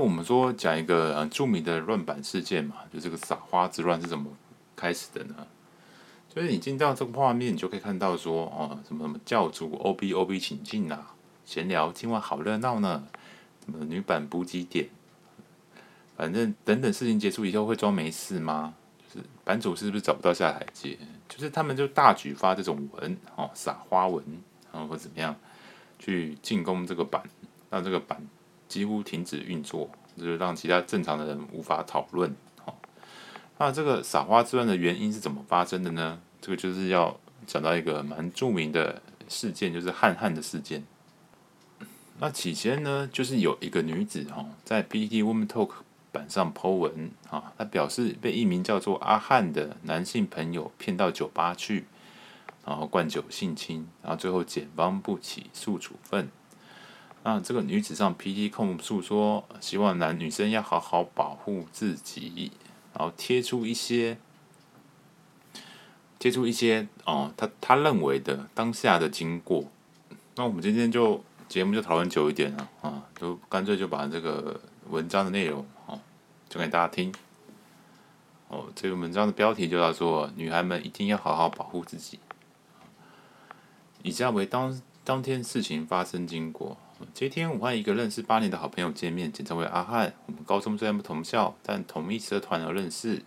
我們說講一個很、呃、著名的亂版事件嘛，就是、這個撒花之亂是怎麼開始的呢？就是你進到這個畫面，你就可以看到說，哦、呃，什麼什麼教主 O B O B 請進啊，閒聊，今晚好熱鬧呢。什麼女版補給點，反正等等事情結束以後會裝沒事嗎？就是版主是不是找不到下台階？就是他們就大舉發這種文哦，撒、呃、花文然後、呃、或怎麼樣，去進攻這個版，讓這個版。幾乎停止運作，就讓其他正常的人無法討論哦。那這個撒花之亂的原因是怎麼發生的呢？這個就是要講到一個蠻著名的事件，就是翰翰的事件。那起先呢，就是有一個女子哈哦，在 PTT WomenTalk 版上 Po 文啊哦，她表示，被一名叫做阿翰的男性朋友騙到酒吧去，然後灌酒性侵，然後最後檢方不起訴處分。啊，那這個女子上 PTT 控訴說，希望男女生要好好保護自己，然後貼出一些，貼出一些哦，她、呃、她認為的當下的經過。那我們今天就節目就討論久一點了啊、呃，就乾脆就把這個文章的內容哦講、呃、給大家聽。哦、呃，這個文章的標題就叫做，女孩們一定要好好保護自己。以下為當當天事情發生經過。今天我和一個認識八年的好朋友見面，簡稱為阿翰。我們高中雖然不同校，但同一社團而認識，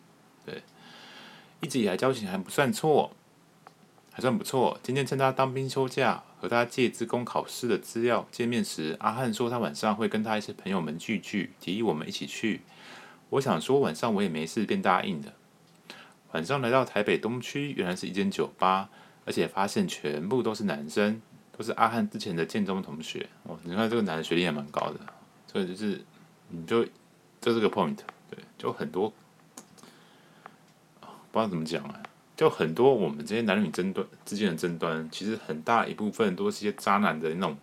對，一直以來交情還不算錯，還算不錯。今天趁他當兵休假，和他借資工考試的資料。見面時，阿翰說他晚上會跟他一些朋友們聚聚，提議我們一起去。我想說晚上我也沒事，便答應的。晚上來到台北東區，原來是一間酒吧，而且發現全部都是男生。都是阿翰之前的建中同學哦，你看這個男的學歷還蠻高的，所以就是你就，就這個 point，對，就很多，哦，不知道怎麼講啊，就很多我們這些男女爭端之間的爭端，其實很大一部分都是些渣男的那種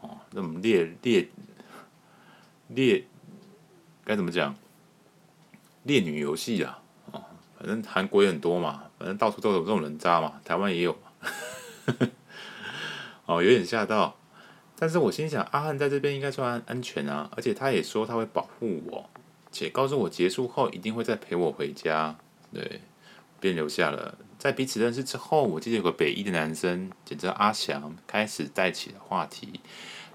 哦，那種獵獵獵該怎麼講，獵女遊戲啊，哦，反正韓國也很多嘛，反正到處都有這種人渣嘛，台灣也有嘛。呵呵哦，有點嚇到，但是我心想阿翰在這邊應該算安全啊，而且他也說他會保護我，且告訴我結束後一定會再陪我回家，對，便留下了。在彼此認識之後，我記得有個北醫的男生，簡稱阿祥，開始帶起了話題，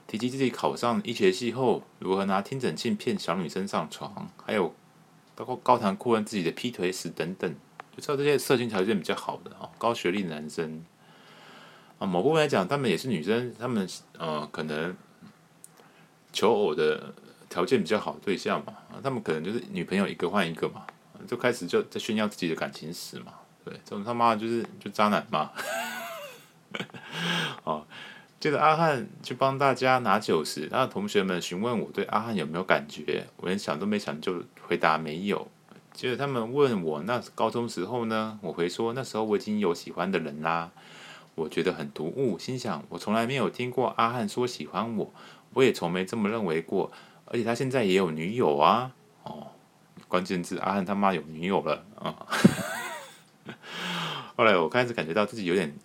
提及自己考上醫學系後如何拿聽診器騙小女生上床，還有包括高談闊論自己的劈腿史等等，就知道這些社經條件比較好的哦，高學歷的男生。某部分來講，他們也是女生，他們呃，可能求偶的條件比較好的對象嘛，他們可能就是女朋友一個換一個嘛，就開始就在炫耀自己的感情史嘛，對，這種他媽的就是就渣男嘛。 哦，接着阿翰就幫大家拿酒時，那同學們詢問我對阿翰有沒有感覺，我連想都沒想就回答沒有。接着他們問我那高中時候呢，我回說那時候我已經有喜歡的人啦、啊。我覺得很突兀，心想我從來沒有聽過阿翰說喜歡我，我也從沒這麼認為過，而且他現在也有女友啊！哦，關鍵字阿翰他媽有女友了啊！哦、 後來我開始感覺到自己有點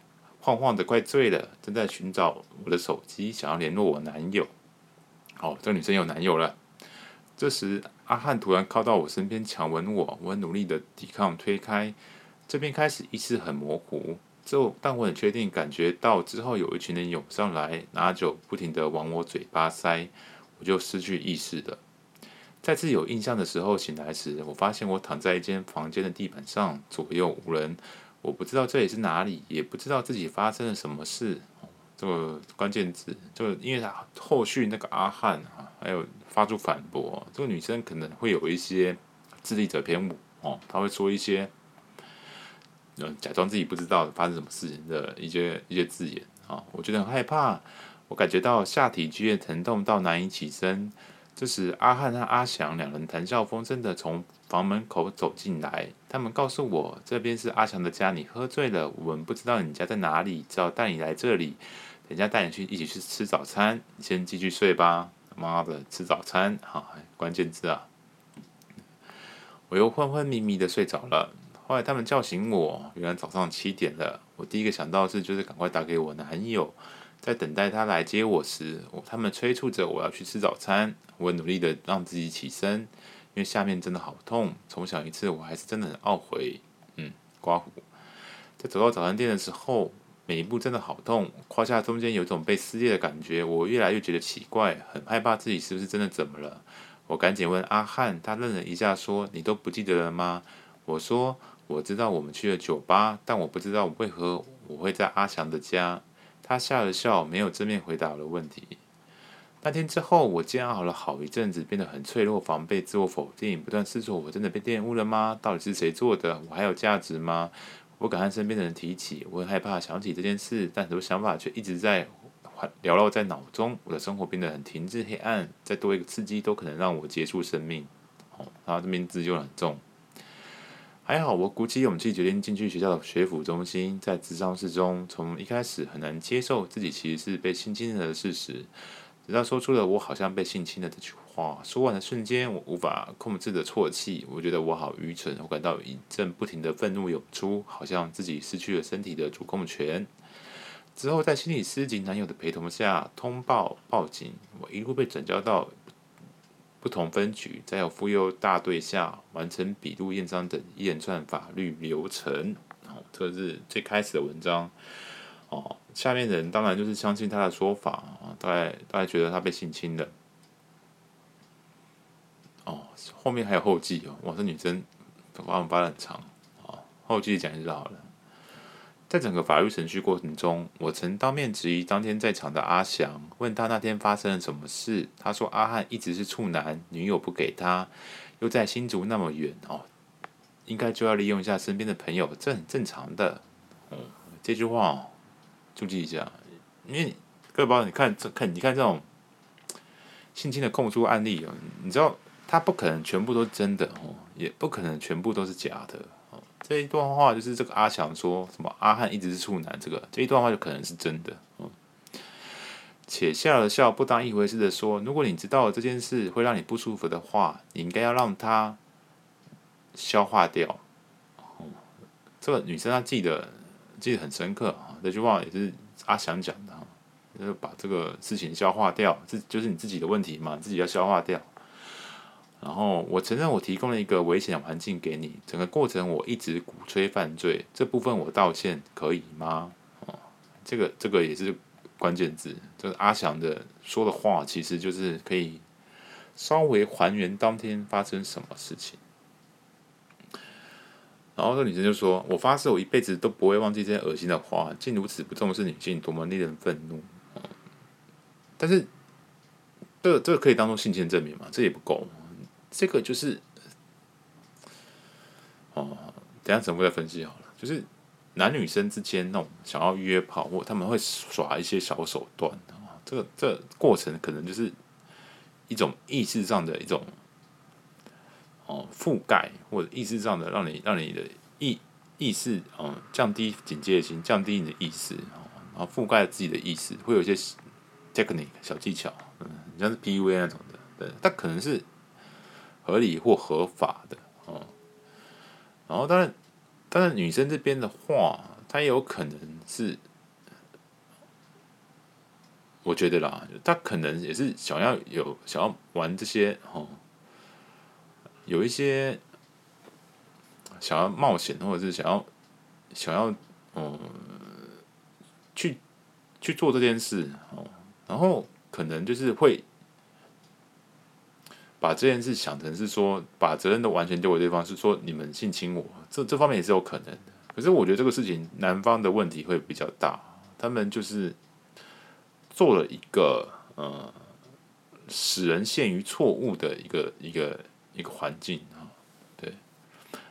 晃晃的，快醉了，正在尋找我的手機，想要聯絡我男友。哦，這個、女生有男友了。這時阿翰突然靠到我身邊強吻我，我很努力的抵抗推開，這邊開始意識很模糊。就，但我很確定，感覺到之後有一群人湧上來，拿酒不停地往我嘴巴塞，我就失去意識了。再次有印象的時候醒來時，我發現我躺在一間房間的地板上，左右無人。我不知道這裡是哪裡，也不知道自己發生了什麼事。哦、這個關鍵詞，就因為他後續那個阿翰啊，還有發出反駁，這個女生可能會有一些自利者偏誤哦，他會說一些。假裝自己不知道發生什麼事情的一些一些字眼啊、哦，我覺得很害怕，我感覺到下體劇烈疼痛到難以起身。這時，阿翰和阿祥兩人談笑風生的從房門口走進來，他們告訴我這邊是阿祥的家，你喝醉了，我們不知道你家在哪裡，只好帶你來這裡，等下帶你去一起去吃早餐，你先繼續睡吧。媽的，吃早餐啊、哦哎，關鍵字啊，我又昏昏迷迷的睡着了。後來他們叫醒我，原來早上七點了。我第一個想到的是，就是趕快打給我男友，在等待他來接我時，他們催促着我要去吃早餐。我努力的讓自己起身，因為下面真的好痛。從小一次，我還是真的很懊悔。嗯，刮胡。在走到早餐店的時候，每一步真的好痛，胯下中間有一種被撕裂的感覺。我越來越覺得奇怪，很害怕自己是不是真的怎麼了。我趕緊問阿翰，他愣了一下說：“你都不記得了嗎？”我說。我知道我們去了酒吧，但我不知道為何我會在阿祥的家。他笑了笑，沒有正面回答我的問題。那天之後，我煎熬了好一陣子，變得很脆弱、防備、自我否定，不斷思索：我真的被玷污了嗎？到底是誰做的？我還有價值嗎？我敢和身邊的人提起，我很害怕想起這件事，但很多想法卻一直在繚繞在腦中。我的生活變得很停滯、黑暗，再多一個刺激都可能讓我結束生命。然、哦、他這名字就很重。還好，我鼓起勇氣決定進去學校的學府中心，在諮商室中，從一開始很難接受自己其實是被性侵的事實，直到說出了“我好像被性侵了”這句話。說完的瞬間，我無法控制的啜泣，我覺得我好愚蠢，我感到一陣不停的憤怒湧出，好像自己失去了身體的主控權。之後，在心理師及男友的陪同下通報報警，我一路被轉交到。不同分局，再由婦幼大隊下完成筆錄、驗章等一連串法律流程。哦，這是最開始的文章。哦，下面的人當然就是相信他的說法啊，哦，大概大概覺得他被性侵了。哦，後面還有後記哦，哇，這女生發文發的很長。哦，後記講一下好了。在整個法律程序過程中，我曾當面質疑當天在場的阿祥，問他那天發生了什麼事。他說：“阿漢一直是處男，女友不給他，又在新竹那麼遠哦，應該就要利用一下身邊的朋友，這很正常的。嗯”這句話哦，注意一下，因為各位包你看這看你看這種，性輕的控訴案例哦，你知道他不可能全部都是真的哦，也不可能全部都是假的。這一段話就是這個阿強說什麼阿翰一直是處男，這個這一段話就可能是真的、嗯。且笑了笑不當一回事的說，如果你知道這件事會讓你不舒服的話，你應該要讓他消化掉、嗯。這個女生她記得記得很深刻啊，這句話也是阿強講的啊，就是把這個事情消化掉，這就是你自己的問題嘛，自己要消化掉。然後我承認我提供了一個危險的環境給你，整個過程我一直鼓吹犯罪，這部分我道歉可以嗎？哦，這個這個也是關鍵字，就是阿翰的說的話，其實就是可以稍微還原當天發生什麼事情。然後那女生就說：“我發誓我一輩子都不會忘記這些惡心的話，竟如此不重視女性，多麼令人憤怒！”但是，這這個可以當做信件證明嗎？這也不夠。這個就是哦，等一下等會來分析好了。就是男女生之間那種想要約炮，或他們會耍一些小手段啊、哦。這個這個、過程可能就是一種意識上的一種哦覆蓋，或者意識上的讓你讓你的意意識哦降低警戒心，降低你的意識、哦、然後覆蓋自己的意識，會有一些 technique 小技巧，嗯，像是 PUA 那種的，對，但可能是。合理或合法的。哦，然後當然，當然女生這邊的話，她也有可能是，我覺得啦，她可能也是想要有想要玩這些哦，有一些想要冒險，或者是想要想要嗯、呃，去去做這件事哦，然後可能就是會。把這件事想成是說，把責任都完全丟給對方，是說你們性侵我這，這這方面也是有可能的。可是我覺得這個事情男方的問題會比較大，他們就是做了一個嗯，使人陷於錯誤的一個一個一個環境啊。對，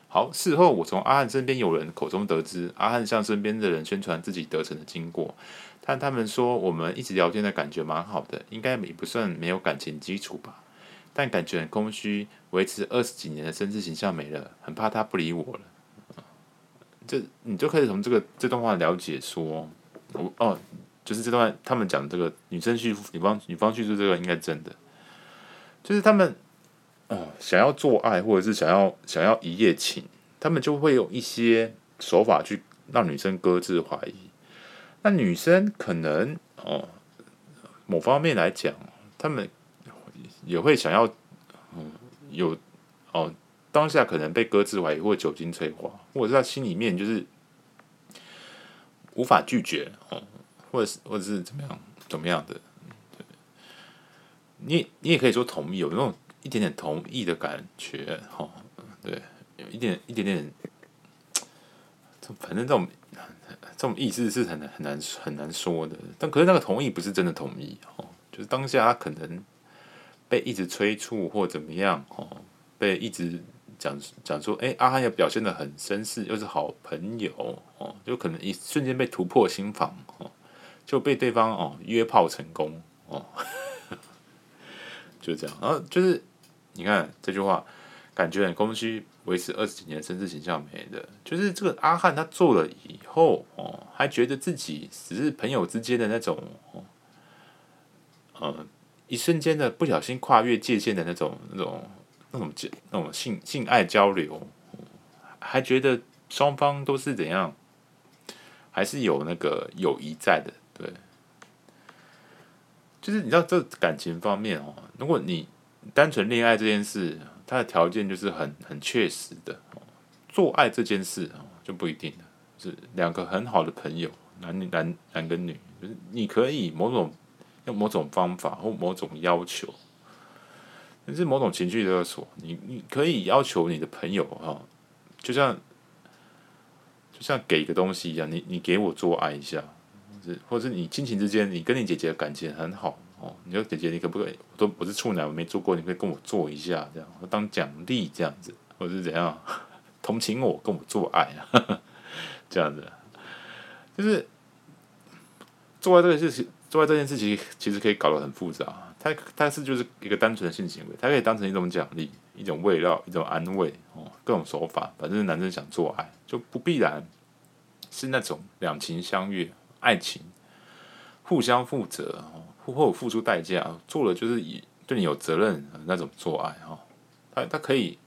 好，事後我從阿翰身邊友人口中得知，阿翰向身邊的人宣傳自己得逞的經過，但他們說我們一直聊天的感覺蠻好的，應該也不算沒有感情基礎吧。但感覺很空虛，維持二十幾年的紳士形象沒了，很怕他不理我了。就你就可以從這個這段話了解說，哦，就是這段話他們講這個女生去女方女方去做這個應該真的，就是他們哦想要做愛或者是想要想要一夜情，他們就會有一些手法去讓女生擱置懷疑。那女生可能哦某方面來講，他們。也會想要，嗯，有哦，當下可能被擱置懷疑，或酒精催化，或者他心裡面就是無法拒絕哦，或者是或者是怎麼樣怎麼樣的，對，你你也可以說同意，有那種一點點同意的感覺哈、哦，對，有一點一點點，反正這種這種意思是很難很難很難說的，但可是那個同意不是真的同意哦，就是當下他可能。被一直催促或怎麼樣哦，被一直講講說，哎、欸，阿翰也表現得很紳士，又是好朋友哦，就可能一瞬間被突破心防哦，就被對方哦約炮成功哦呵呵，就這樣，然後就是你看這句話，感覺很空虛，維持二十幾年紳士形象沒的，就是這個阿翰他做了以後哦，還覺得自己只是朋友之間的那種哦，嗯、呃。一瞬間的不小心跨越界限，的那種、那種、那種交、那種性性愛交流，還覺得雙方都是怎樣，還是有那個友誼在的，對。就是你知道，這感情方面哦，如果你單純戀愛這件事，它的條件就是很很確實的。做愛這件事，就不一定，就是兩個很好的朋友，男女男男跟女，就是你可以某種。用某種方法或某種要求，但是某種情緒勒索，你你可以要求你的朋友哈、哦，就像就像給個東西一樣，你你給我做愛一下，就是、或者或者你親情之間，你跟你姐姐的感情很好哦，你說姐姐，你可不可以？我都我是處男，我沒做過，你可以跟我做一下，這樣或當獎勵這樣子，或者是怎樣同情我，跟我做愛呵呵這樣子，就是做愛這個事情。做愛這件事情其實可以搞得很複雜它，它它是就是一個單純的性行為，它可以當成一種獎勵、一種慰勞、一種安慰哦，各種手法。反正男生想做愛就不必然，是那種兩情相悅、愛情互相負責哦，互互付出代價，做了就是以對你有責任的那種做愛哦。他他可以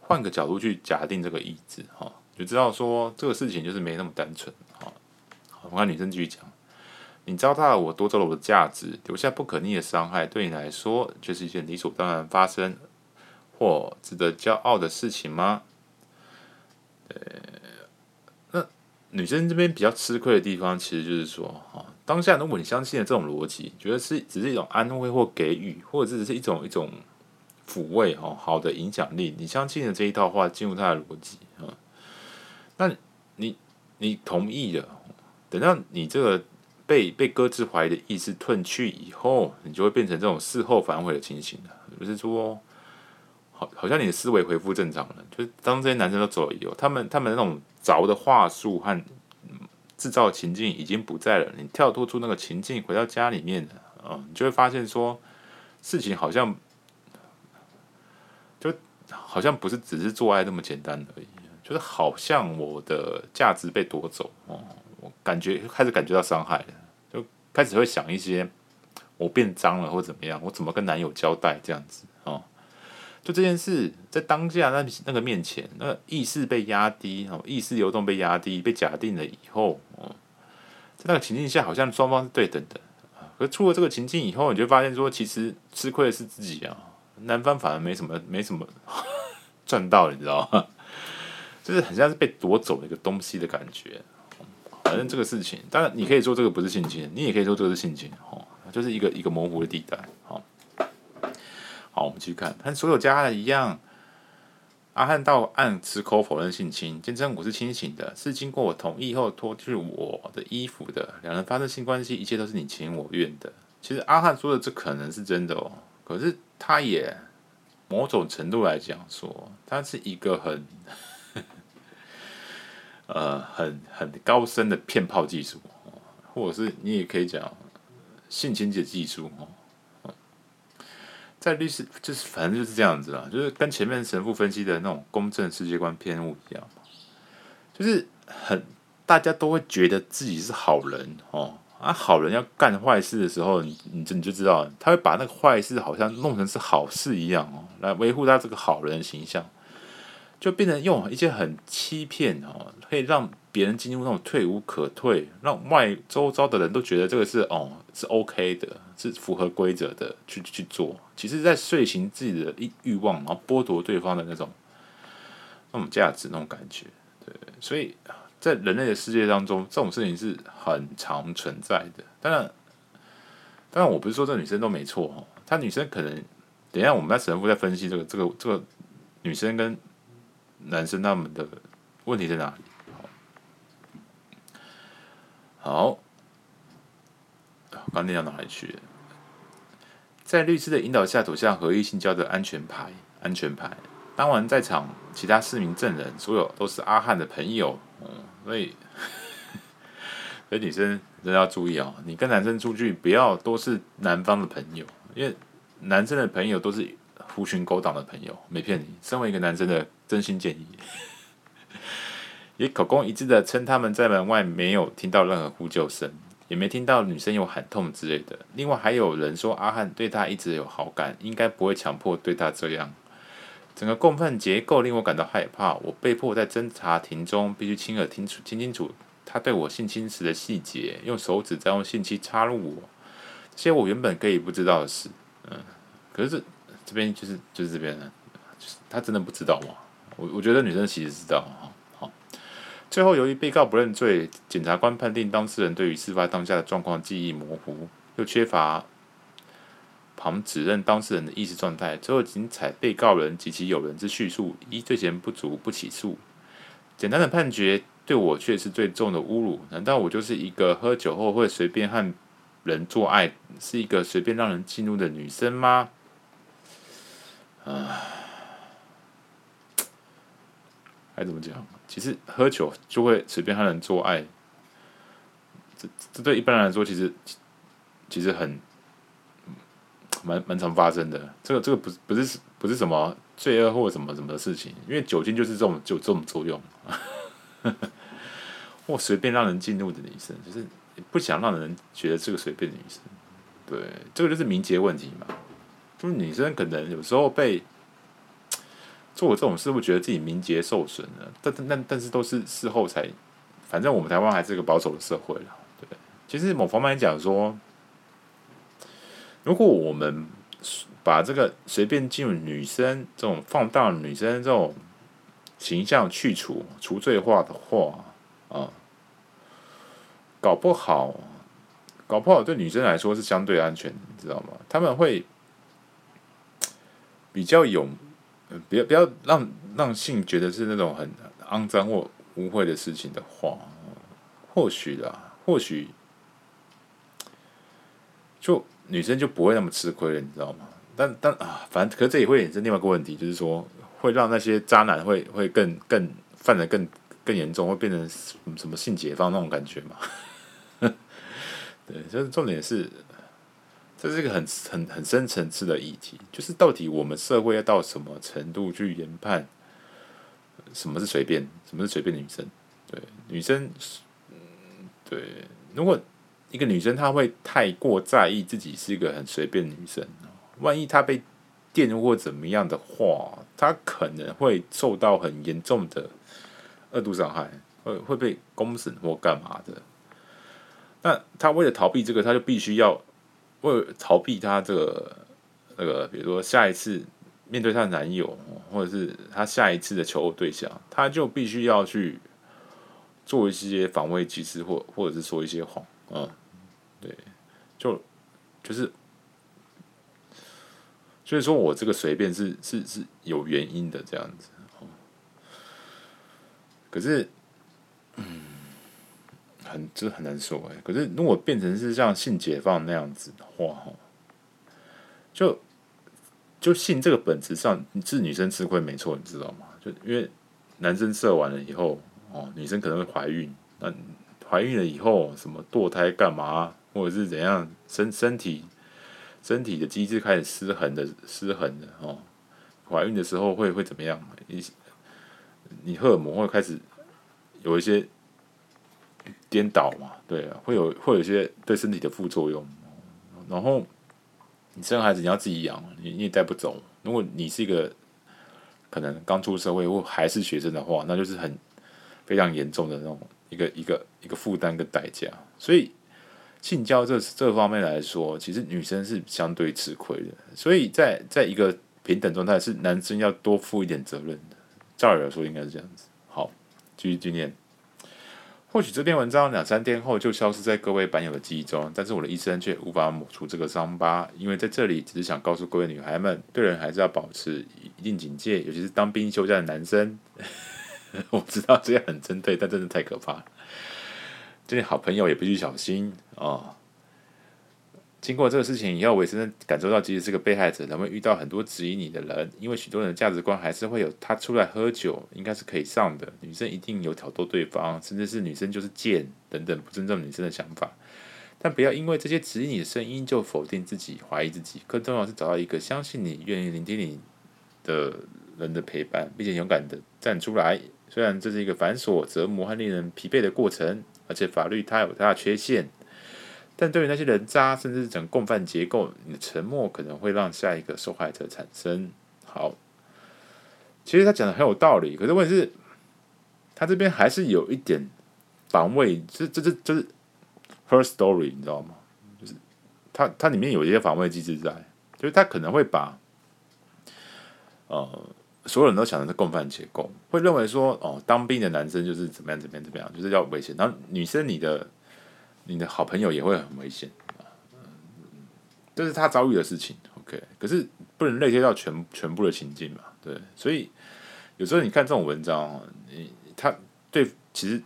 換個角度去假定這個意志哈，就知道說這個事情就是沒那麼單純哈。好，我看女生繼續講。你糟蹋了我，奪走了我的價值，留下不可逆的傷害，對你來說就是一件理所當然發生或值得驕傲的事情嗎？呃，那女生這邊比較吃虧的地方，其實就是說，哈，當下如果你相信了這種邏輯，覺得是只是一種安慰或給予，或者只是一種一種撫慰哈、哦，好的影響力，你相信的這一套話進入他的邏輯啊，那你你同意了，等到你這個。被被擱置懷疑的意識褪去以後，你就會變成這種事後反悔的情形了。不、就是說好，好像你的思維恢復正常了，就是當這些男生都走了以後，他們他們那種鑿的話術和嗯、製造情境已經不在了。你跳脫出那個情境，回到家裡面了，嗯，你就會發現說事情好像就好像不是只是做愛那麼簡單而已，就是好像我的價值被奪走哦。嗯感覺開始感覺到傷害了，就開始會想一些，我變髒了或怎麼樣，我怎麼跟男友交代這樣子哦，就這件事，在當下那那個面前，那個、意識被壓低，哦，意識流動被壓低，被假定了以後，哦，在那個情境下，好像雙方是對等的。可是出了這個情境以後，你就發現說，其實吃虧的是自己啊，男方反而沒什麼，沒什麼賺 到，你知道嗎？就是很像是被奪走了一個東西的感覺。反正這個事情，當然你可以說這個不是性侵，你也可以說這個是性侵，哦，就是一個一個模糊的地帶，好，好，我們去看，和所有家的一樣，阿翰到案矢口否認性侵，堅稱我是清醒的，是經過我同意後脫去我的衣服的，兩人發生性關係，一切都是你情我願的。其實阿翰說的這可能是真的哦，可是他也某種程度來講說，他是一個很。呃，很很高深的騙炮技術或者是你也可以講性侵害技術哦，在律師就是反正就是這樣子啦，就是跟前面神父分析的那種公正世界觀偏誤一樣，就是很大家都會覺得自己是好人哦，啊好人要幹壞事的時候，你你就你就知道他會把那個壞事好像弄成是好事一樣哦，來維護他這個好人的形象。就變成用一些很欺騙哦，可以讓別人進入那種退無可退，讓外周遭的人都覺得這個是哦是 OK 的，是符合規則的去去做。其實，在遂行自己的欲欲望，然後剝奪對方的那種那種價值、那種感覺，對。所以在人類的世界當中，這種事情是很常存在的。當然，當然，我不是說這女生都沒錯哈、哦，她女生可能等一下我們那神父在分析這個、這個、這個女生跟。男生他們的問題在哪裡？好，剛念到哪裡去了？在律師的引導下走向合意性交的安全牌，安全牌。當晚在場其他四名證人，所有都是阿翰的朋友，嗯、所以呵呵，所以女生真的要注意哦，你跟男生出去不要都是男方的朋友，因為男生的朋友都是。狐群狗黨的朋友，沒騙你。身為一個男生的真心建議， 也口供一致的稱他們在門外沒有聽到任何呼救聲，也沒聽到女生有喊痛之類的。另外還有人說阿翰對他一直有好感，應該不會強迫對他這樣。整個共犯結構令我感到害怕。我被迫在偵查庭中必須親耳聽出聽清，清楚他對我性侵時的細節，用手指再用性器插入我，這些我原本可以不知道的事。嗯，可是。這邊就是就是這邊了，就是他真的不知道嗎？我我覺得女生其實知道哈。好，最後由於被告不認罪，檢察官判定當事人對於事發當下的狀況記憶模糊，又缺乏旁指認當事人的意識狀態，最後僅採被告人及其友人之敘述，依罪嫌不足不起訴。簡單的判決對我卻是最重的侮辱。難道我就是一個喝酒後會隨便和人做愛，是一個隨便讓人進入的女生嗎？哎、呃。還怎麼講？其實喝酒就會隨便和人做愛，這這對一般人來說其，其實其實很蠻蠻常發生的。這個這個不不是不是什麼罪惡或什麼什麼的事情，因為酒精就是這種就這種作用，或 隨便讓人進入的女生，就是不想讓人覺得這個隨便的女生。對，這個就是名節問題嘛。就是女生可能有時候被做了這種事，會覺得自己名節受損了。但但但但是都是事後才。反正我們台灣還是一個保守的社會了。對，其實某方面講說，如果我們把這個隨便進入女生，這種放蕩女生這種形象去除、除罪化的話，啊，搞不好，搞不好對女生來說是相對安全的，你知道嗎？他們會。比較有，呃，不要不要讓讓性覺得是那種很骯髒或污穢的事情的話，或許啦，或許就女生就不會那麼吃虧了，你知道嗎？但但啊，反正可是這也會衍生另外一個問題，就是說會讓那些渣男會會更更犯得更更嚴重，會變成什麼，什麼性解放那種感覺嘛？ 對，就是重點是。這是一個很很很深層次的議題，就是到底我們社會要到什麼程度去研判什麼是隨便，什麼是隨便的女生？對，女生、嗯、對，如果一個女生她會太過在意自己是一個很隨便的女生，萬一她被玷污或怎麼樣的話，她可能會受到很嚴重的二度傷害，會會被公審或幹嘛的？那她為了逃避這個，她就必須要。為逃避她這個那個，比如說下一次面對她男友，或者是她下一次的求偶對象，她就必須要去做一些防衛機制，或者或者是說一些謊，嗯，對，就就是，所以說我這個隨便是是是有原因的這樣子，可是，嗯。很，這很難說哎、欸。可是如果變成是像性解放那樣子的話，哦、就就性這個本質上是女生吃虧沒錯，你知道嗎？就因為男生射完了以後，哦，女生可能會懷孕，那、啊、懷孕了以後什麼墮胎幹嘛，或者是怎樣，身身體身體的機制開始失衡的失衡的哦，懷孕的時候會會怎麼樣？你你荷爾蒙會開始有一些。顛倒嘛，對啊，會有會有一些對身體的副作用。然後你生孩子，你要自己養，你你也帶不走。如果你是一個可能剛出社會或還是學生的話，那就是很非常嚴重的那種一個一個一個負擔跟代價。所以性交這這方面來說，其實女生是相對吃虧的。所以在在一個平等狀態，是男生要多負一點責任的。照理來說，應該是這樣子。好，繼續唸。或許這篇文章兩三天後就消失在各位版友的記憶中，但是我的一生卻無法抹除這個傷疤。因為在這裡，只是想告訴各位女孩們，對人還是要保持一定警戒，尤其是當兵休假的男生。 我知道這樣很針對，但真的太可怕了。這裡好朋友也必須小心哦。經過這個事情以後，我也深深感受到，即使是個被害者，仍會遇到很多質疑你的人，因為許多人的價值觀還是會有。他出來喝酒，應該是可以上的。女生一定有挑逗對方，甚至是女生就是賤等等不尊重女生的想法。但不要因為這些質疑你的聲音就否定自己、懷疑自己，更重要是找到一個相信你、願意聆聽你的人的陪伴，並且勇敢的站出來。雖然這是一個繁瑣、折磨和令人疲憊的過程，而且法律它有它的缺陷。但對於那些人渣，甚至講共犯結構，你的沉默可能會讓下一個受害者産生。好，其實他講的很有道理，可是問題是，他這邊還是有一點防衛，這、就是、這、就是、這、就是、這是 Firstory，你知道嗎？就是他他裡面有一些防衛機制在，就是他可能會把呃所有人都想成是共犯結構，會認為說哦、呃，當兵的男生就是怎麼樣怎麼樣怎麼樣，就是要危險。然後女生你的。你的好朋友也會很危險，這是他遭遇的事情。OK，可是不能類推到全全部的情境嘛？對，所以有時候你看這種文章，你他對其實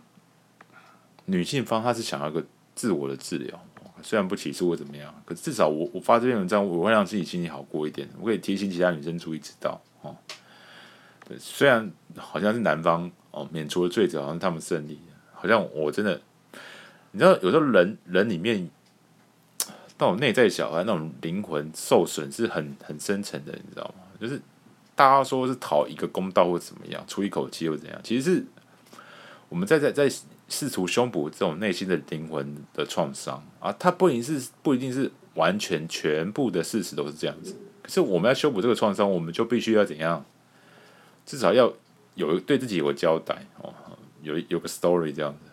女性方她是想要個自我的治療，雖然不起訴或怎麼樣，可是至少我我發這篇文章，我會讓自己心情好過一點，我可以提醒其他女生注意知道哦。對，雖然好像是男方哦免除了罪責，好像他們勝利，好像我真的。你知道，有時候人人裡面那種內在小孩，那種靈魂受損是很很深沉的，你知道嗎？就是大家說是討一個公道或怎麼樣，出一口氣又怎樣，其實是我們在在在試圖修補這種內心的靈魂的創傷啊。它不一定是不一定是完全全部的事實都是這樣子，可是我們要修補這個創傷，我們就必須要怎樣？至少要有對自己有個交代哦，有有個 story 這樣子。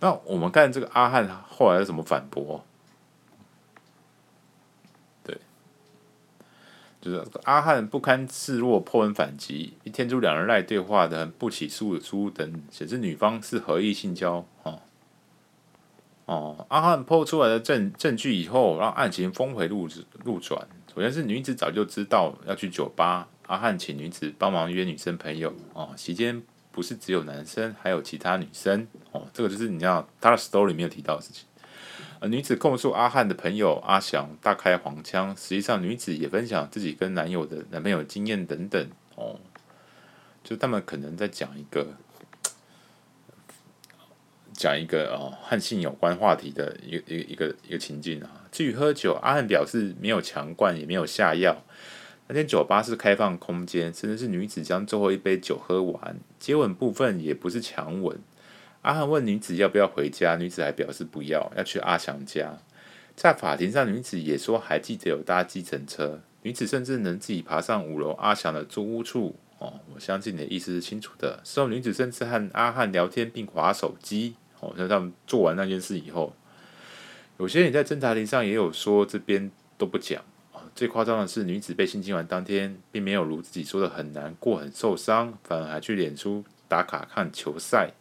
那我們看這個阿翰後來怎麼反駁、啊？對，就是阿翰不甘示弱，PO 文反擊，一天就兩人 LINE 對話的不起訴書、書等，顯示女方是合意性交哦，哦，哦、阿翰 PO 出來的證證據以後，讓案情峰回路轉。首先是女子早就知道要去酒吧，阿翰請女子幫忙約女生朋友哦，席間。不是只有男生，還有其他女生哦。這個就是你要他的 story 裡面有提到的事情。而、呃、女子控訴阿翰的朋友阿翔大開黃腔，實際上女子也分享自己跟男友的男朋友經驗等等哦。就他們可能在講一個講一個哦，和性有關話題的一個一一個一個,一個情境啊。至於喝酒，阿翰表示沒有強灌，也沒有下藥。那間酒吧是開放空間，甚至是女子將最後一杯酒喝完，接吻部分也不是強吻。阿翰問女子要不要回家，女子還表示不要，要去阿翔家。在法庭上，女子也說還記得有搭計程車，女子甚至能自己爬上五樓阿翔的租屋處。哦，我相信你的意思是清楚的。之後女子甚至和阿翰聊天並滑手機。哦，在他們做完那件事以後，有些人在偵查庭上也有說，這邊都不講。最誇張的是，女子被性侵完當天，並沒有如自己說的很難過、很受傷，反而還去臉書打卡看球賽。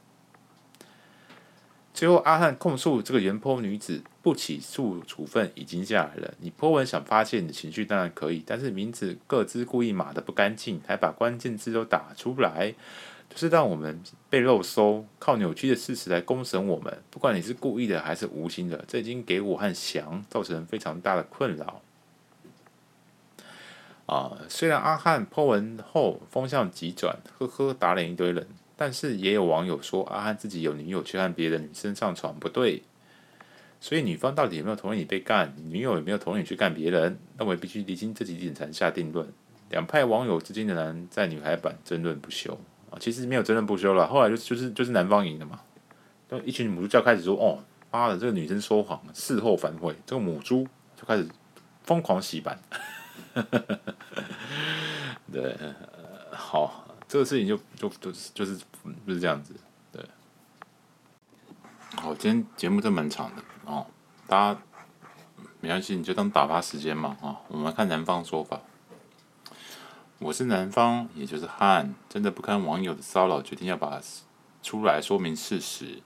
最後，阿翰控訴這個原 PO 女子不起訴處分已經下來了，你 PO 文想發洩你的情緒當然可以，但是名字、各自故意碼得不乾淨，還把關鍵字都打出來，就是讓我們被肉搜，靠扭曲的事實來公審我們。不管你是故意的還是無心的，這已經給我和翔造成非常大的困擾。啊，雖然阿翰 po 文後風向急轉，呵呵打臉一堆人，但是也有網友說阿翰自己有女友去和別的女生上床不對，所以女方到底有沒有同意你被幹，女友有沒有同意你去幹別人，那我也必須釐清這幾點才下定論。兩派網友之間的男人在女孩版爭論不休啊，其實沒有爭論不休了，後來就是、就是就是男方贏了嘛，就一群母豬就開始說哦，媽、啊、的這個女生說謊，事後反悔，這個母豬就開始瘋狂洗版。哈哈哈！哈 對，好，這個事情就就就，就是就是是這樣子。對，好，今天節目這麼長的哦。大家沒關係，你就當打發時間嘛。哈、哦，我們來看男方說法。我是男方，也就是翰，真的不堪網友的騷擾，決定要把出來說明事實。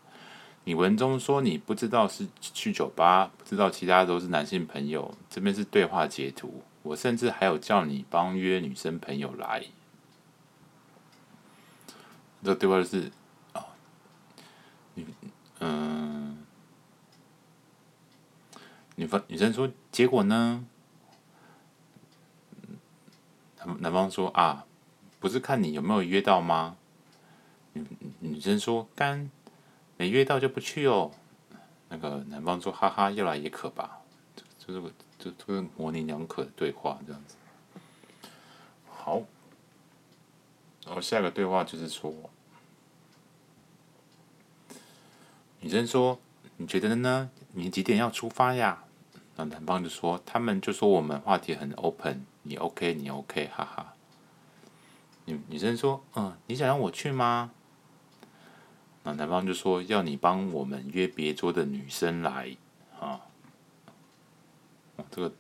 你文中說你不知道是去酒吧，不知道其他都是男性朋友。這邊是對話截圖。我甚至還有叫你幫約女生朋友來，這個對話是啊、呃，女嗯，女方女生說，結果呢？男男方說啊，不是看你有沒有約到嗎？女女生說幹，沒約到就不去哦。那個男方說哈哈，要來也可吧，就就都是模棱兩可的對話這樣子。好，我下個對話就是說，女生說：“你覺得呢？你幾點要出發呀？”那男方就說：“他們就說我們話題很 open，你 OK，你 OK，哈哈。”女女女生說：“嗯、呃，你想讓我去嗎？”那男方就說：“要你幫我們約別桌的女生來。”這個，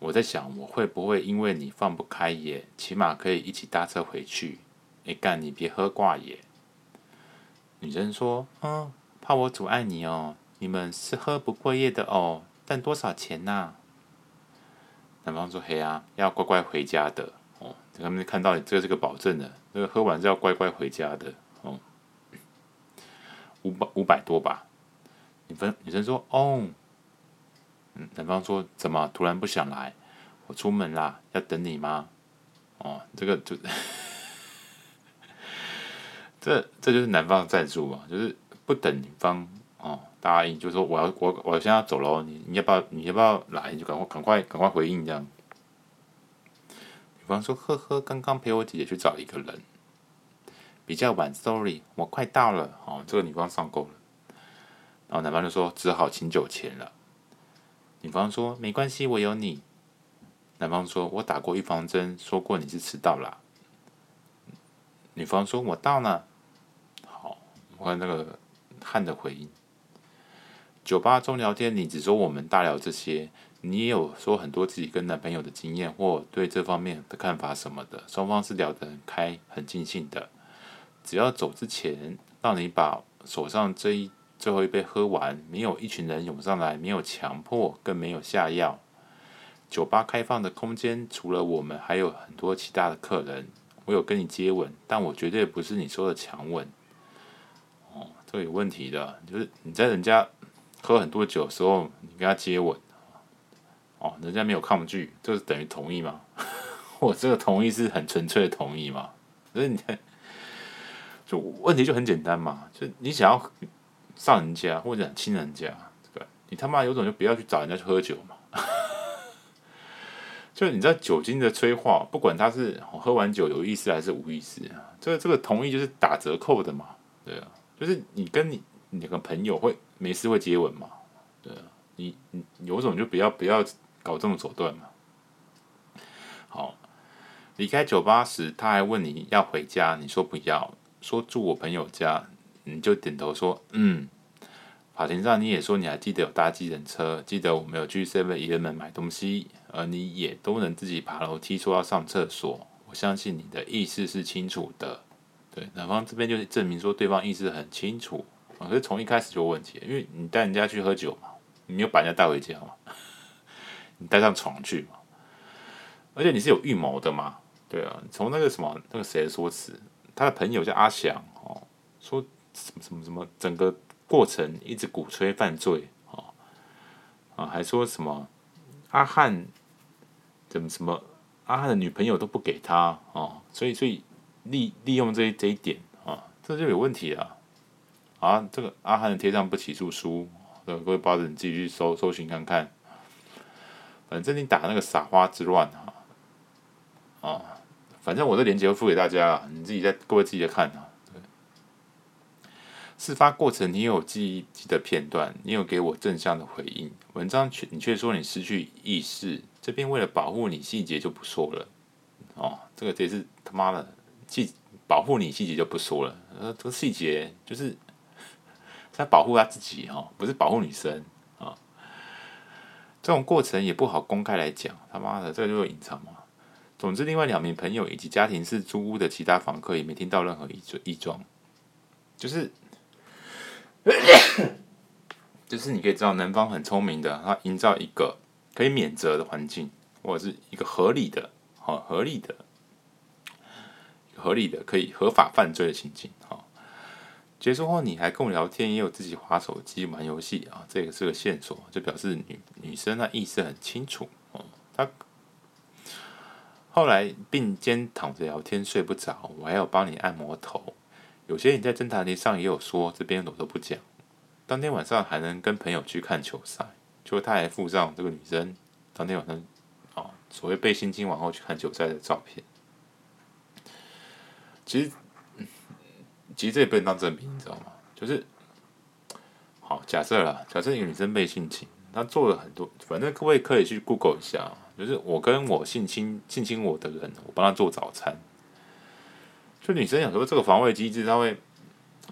我在想我會不會因為你放不開耶？起碼可以一起搭車回去。哎幹，你別喝掛耶！女生說：“嗯、哦，怕我阻礙你哦。你們是喝不過夜的哦。但多少錢吶、啊？”男方說：“黑啊，要乖乖回家的哦。他們看到你這個是個保證的，那、這個喝完是要乖乖回家的哦。五百五百多吧。”女生女生說：“哦。”嗯，男方說：“怎麼突然不想來？我出門啦，要等你嗎？”哦，這個就 這，這這就是男方的贊助啊，就是不等女方哦答應，就說我要我我現在要走了，你你要不要你要不要來？你就趕快趕快趕快回應這樣。女方說：“呵呵，剛剛陪我姐姐去找一個人，比較晚，sorry，我快到了。”哦，這個女方上鈎了，然後男方就說：“只好請酒錢了。”女方說：“沒關係，我有你。”男方說：“我打過預防針，說過你是遲到了。”女方說：“我到呢。”好，我看那個翰的回應。酒吧中聊天，你只說我們大聊這些，你也有說很多自己跟男朋友的經驗或對這方面的看法什麼的，雙方是聊得很開、很盡興的。只要走之前，讓你把手上這一。最後一杯喝完，沒有一群人湧上來，沒有強迫，更沒有下藥。酒吧開放的空間，除了我們還有很多其他的客人。我有跟你接吻，但我絕對不是你說的強吻。哦，這有問題的，就是你在人家喝很多酒的時候，你跟他接吻。哦，人家沒有抗拒，這、就是等於同意嘛。 我這個同意是很純粹的同意嘛？所以、就是你，就問題就很簡單嘛，就你想要。上人家或者親人家，對、這個，你他媽有種就不要去找人家去喝酒嘛， 就你知道酒精的催化，不管他是喝完酒有意思還是無意思，這個這個同意就是打折扣的嘛，對啊，就是你跟你你個朋友會沒事會接吻嘛，對啊，你你有種就不要不要搞這種手段嘛。好，離開酒吧時，他還問你要回家，你說不要，說住我朋友家。你就點頭說嗯，法庭上你也說你還記得有搭計程車，記得我沒有去 Seven Eleven 買東西，而你也都能自己爬樓梯，說要上廁所，我相信你的意思是清楚的。對，男方這邊就是證明說對方意識很清楚。啊、可是從一開始就有問題，因為你帶人家去喝酒嘛，你又把人家帶回家嘛，你帶上床去嘛，而且你是有預謀的嘛。對啊，從那個什麼那個誰的說辭，他的朋友叫阿翔哦，說。什麼什麼什麼，整個過程一直鼓吹犯罪，啊，啊還說什麼阿翰麼什麼阿翰的女朋友都不給他，哦、啊，所以所以利利用這這一點，啊，這就有問題了啊，啊，這個阿翰的貼上不起訴書，啊，各位包子你自己去搜搜尋看看，反正你打那個撒花之亂，哈、啊，啊，反正我的鏈接會附給大家，你自己在各位自己在看啊。事发過程你有記憶的片段，你有給我正向的回應，文章卻你卻說你失去意識。這邊為了保護你細節就不說了，哦，這個這是他媽的記保護你細節就不說了，呃、啊，這個細節就是、是在保護他自己哦，不是保護女生啊、哦。這種過程也不好公開來講，他媽的這個、就隱藏嘛。總之，另外兩名朋友以及家庭式租屋的其他房客也沒聽到任何異異狀，就是。 就是你可以知道，男方很聰明的，他營造一個可以免責的環境，或者是一個合理的、哦，合理的、合理的可以合法犯罪的情境、哦。結束後你還跟我聊天，也有自己滑手機玩遊戲啊，這個是個線索，就表示女女生她意識很清楚。哦，她後來並肩躺着聊天，睡不着，我還要幫你按摩頭。有些人在偵探題上也有說，這邊我都不講。當天晚上還能跟朋友去看球賽，就他還附上這個女生當天晚上啊、哦，所謂被性侵往後去看球賽的照片，其實其實這也不能當證明，你知道嗎？就是好假設了，假設一個女生被性侵，她做了很多，反正各位可以去 Google 一下，就是我跟我性侵性侵我的人，我幫她做早餐。就女生有時候這個防衛機制，她會，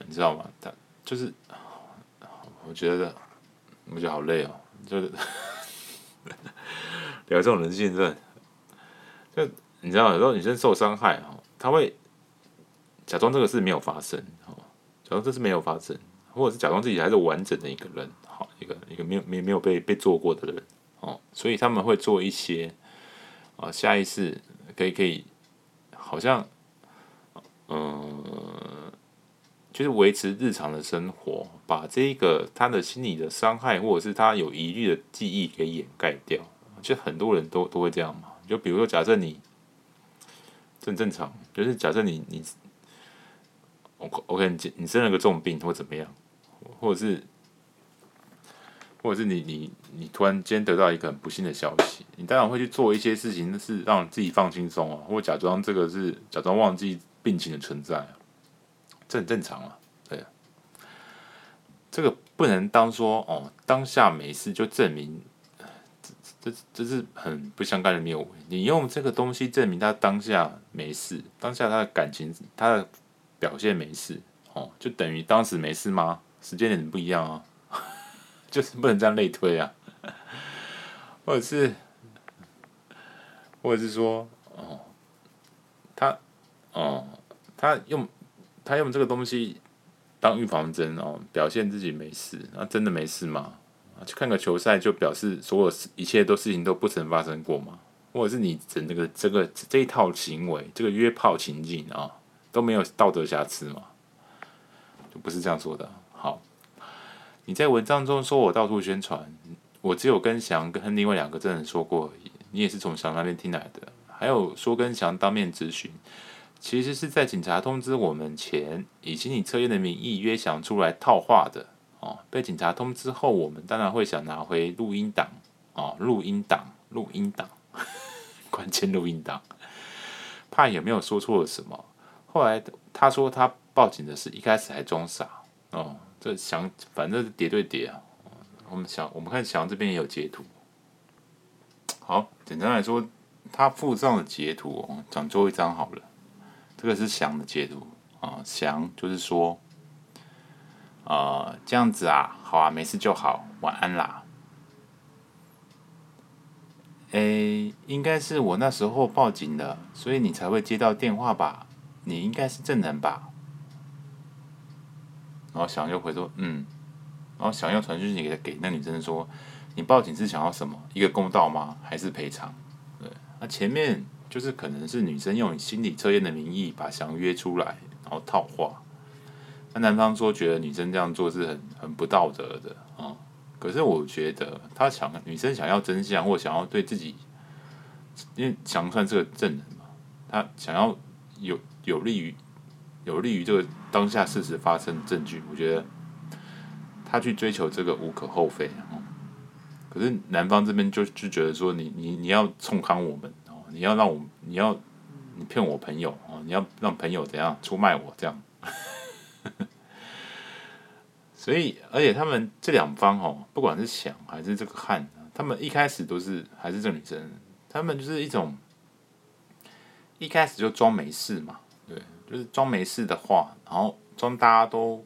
你知道嗎？她就是，我覺得，我覺得好累哦、喔。就是 聊這種人性，真的。就你知道，有時候女生受傷害哈，她會假裝這個事沒有發生，哦，假裝這是沒有發生，或者是假裝自己還是完整的一個人，好，一個一個沒有沒沒有被被做過的人，哦，所以他們會做一些，啊，下意識可以可以，好像。嗯，就是維持日常的生活，把這個他的心理的傷害，或者是他有疑慮的記憶給掩蓋掉。其實很多人都都會這樣嘛。就比如說假，假設你正正常，就是假設你你我我跟你你生了個重病，或怎麼樣，或者是或者是你你你突然間得到一個很不幸的消息，你當然會去做一些事情，是讓自己放輕鬆啊，或假裝這個是假裝忘記。病情的存在啊，這很正常啊。對啊，這個不能當說哦，當下沒事就證明，這這這是很不相干的謬誤。你用這個東西證明他當下沒事，當下他的感情、他的表現沒事，哦，就等於當時沒事嗎？時間點不一樣啊， 就是不能這樣類推啊。或者是，或者是說哦，他。哦，他用他用這個東西當預防針哦，表現自己沒事，那、啊、真的沒事嗎？去看個球賽就表示所有事一切都事情都不曾發生過嗎？或者是你整這個這個，整個這一套行為，這個約炮情境啊、哦、都沒有道德瑕疵嗎？就不是這樣說的。好，你在文章中說我到處宣傳，我只有跟祥跟另外兩個證人說過而已，你也是從祥那邊聽來的，還有說跟祥當面諮詢。其實是在警察通知我們前，以心理測驗的名義約翔出來套話的哦。被警察通知後，我們當然會想拿回錄音檔哦，錄音檔，錄音檔，關鍵錄音檔，怕有沒有說錯了什麼。後來他說他報警的事，一開始還裝傻哦。這翔反正是諜對諜啊，我們想，我們看翔這邊也有截圖。好，簡單來說，他附上的截圖哦，講做一張好了。這個是想的解讀啊、呃，祥就是說，啊、呃，這樣子啊，好啊，沒事就好，晚安啦。哎、欸，應該是我那時候報警的，所以你才會接到電話吧？你應該是證人吧？然後想就回說，嗯。然後想要傳訊息給給那女生說，你報警是想要什麼？一個公道嗎？還是賠償？對，啊、前面。就是可能是女生用心理測驗的名義把翰約出來，然後套話。那男方說覺得女生這樣做是很很不道德的啊、嗯。可是我覺得他想女生想要真相或想要對自己，因為翰算是證人嘛，他想要有有利於有利於這個當下事實發生的證據，我覺得他去追求這個無可厚非。嗯、可是男方這邊就就覺得說你你你要衝康我們。你要讓我，你要你騙我朋友啊！你要讓朋友怎樣出賣我這樣？ 所以，而且他們這兩方哦，不管是想還是這個翰，他們一開始都是還是這女生，他們就是一種一開始就裝沒事嘛。對，就是裝沒事的話，然後裝大家都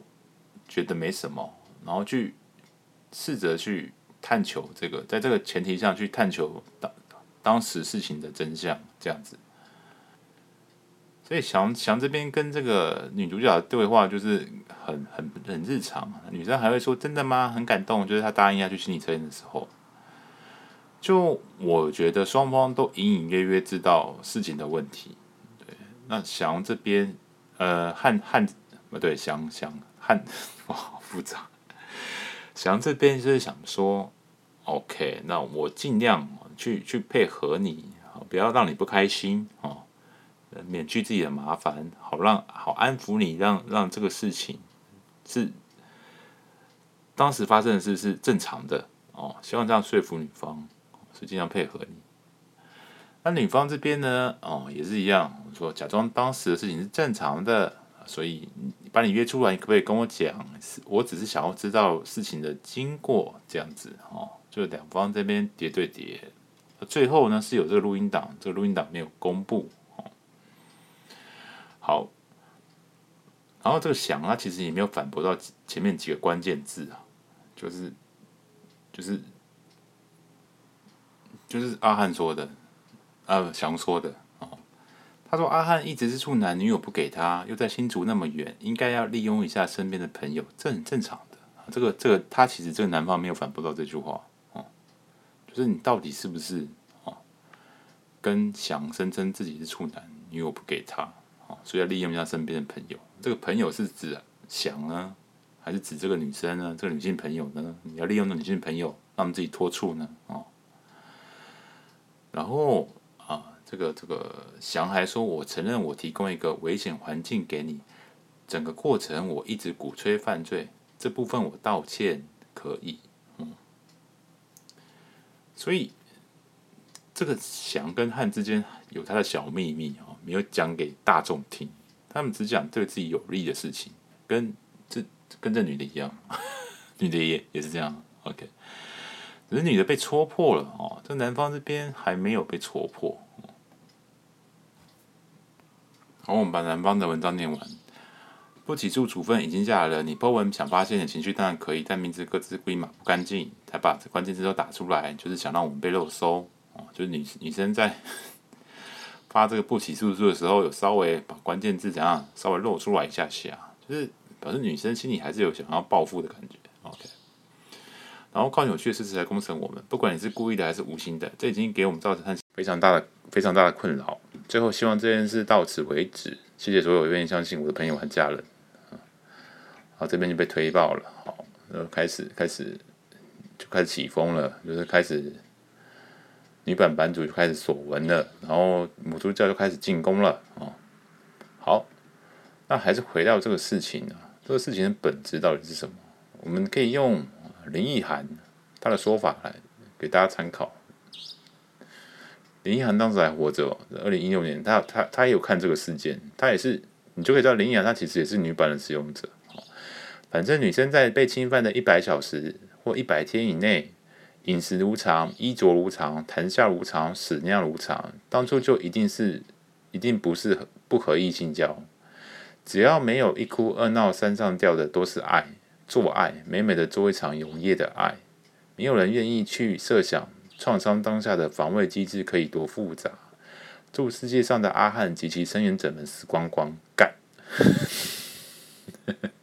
覺得沒什麼，然後去試着去探求這個，在這個前提下去探求到。當時事情的真相這樣子，所以翔翔這邊跟這個女主角的對話就是很很很日常，女生還會說“真的嗎？”很感動，就是她答應要去心理測驗的時候，就我覺得雙方都隱隱約約知道事情的問題。那翔這邊呃翰翰呃對翔翔翰哇好複雜，翔這邊是想說 OK，那我盡量。去去配合你啊、哦，不要讓你不開心哦，免去自己的麻煩，好讓好安撫你，讓讓這個事情是當時發生的事是，是正常的哦。希望這樣說服女方，哦、所以盡量配合你。那女方這邊呢？哦，也是一樣，我說假裝當時的事情是正常的，所以你把你約出來，你可不可以跟我講？我只是想要知道事情的經過，這樣子哦。就兩方這邊諜對諜。最後呢，是有這個錄音檔，這個錄音檔沒有公布。好，然後這個翔啊，其實也沒有反駁到前面幾個關鍵字啊，就是就是就是阿翰說的，呃，翔說的哦，他說阿翰一直是處男，女友不給他，又在新竹那麼遠，應該要利用一下身邊的朋友，這很正常的，這個這個他其實這個男方沒有反駁到這句話。所以你到底是不是啊、哦？跟翔聲稱自己是處男，因為我不給他，啊、哦，所以要利用一下身邊的朋友。這個朋友是指翔呢，還是指這個女生呢？這個女性朋友呢？你要利用那個女性朋友讓他們自己脫處呢？啊、哦，然後啊，這個這個翔還說，我承認我提供一個危險環境給你，整個過程我一直鼓吹犯罪，這部分我道歉，可以。所以，這個翔跟翰之間有他的小秘密哦，沒有講給大眾聽。他們只講對自己有利的事情，跟這，這跟這女的一樣， 女的也也是這樣。OK，只是女的被戳破了哦，這男方這邊還沒有被戳破。好，我們把男方的文章念完。不起訴處分已經下來了，你波文想發洩你的情緒當然可以，但明知各自故意碼不乾淨，才把這關鍵字都打出來，就是想讓我們被肉搜哦。就是女女生在呵呵發這個不起訴書的時候，有稍微把關鍵字怎樣稍微露出來一下下，啊，就是表示女生心裡還是有想要報復的感覺。OK，然後靠扭曲的事實來攻成我們，不管你是故意的還是無心的，這已經給我們造成很非常大的非常大的困擾。最後，希望這件事到此為止。謝謝所有願意相信我的朋友和家人。好，這邊就被推爆了。好，然後開始開始就開始起風了，就是開始女版版主就開始鎖文了，然後母豬教就開始進攻了。啊，好，那還是回到這個事情啊，這個事情的本質到底是什麼？我們可以用林奕含她的說法來給大家參考。林奕含當時還活着，二零一六年，她她她也有看這個事件，她也是，你就可以知道林奕含她其實也是女版的使用者。反正女生在被侵犯的一百小時或一百天以內，飲食如常、衣着如常、談笑如常、屎尿如常，當初就一定是一定不是不合意性交。只要沒有一哭二鬧三上吊的，都是愛做愛，美美的做一場永夜的愛。沒有人願意去設想創傷當下的防衛機制可以多複雜。祝世界上的阿翰及其聲援者們死光光，幹！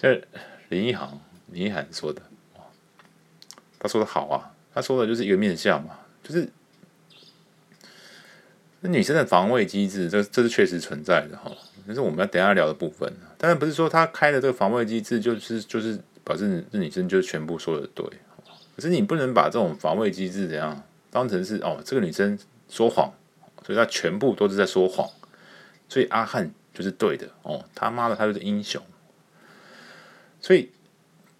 這林一航，林一航說的，他說的好啊，他說的就是一個面相嘛，就是那女生的防衛機制，這是這是確實存在的哈。這是我們要等一下聊的部分，當然不是說他開的這個防衛機制就是就是表示這女生就全部說的對，可是你不能把這種防衛機制怎樣當成是哦這個女生說謊，所以她全部都是在說謊，所以阿翰就是對的哦，他媽的他就是英雄。所以，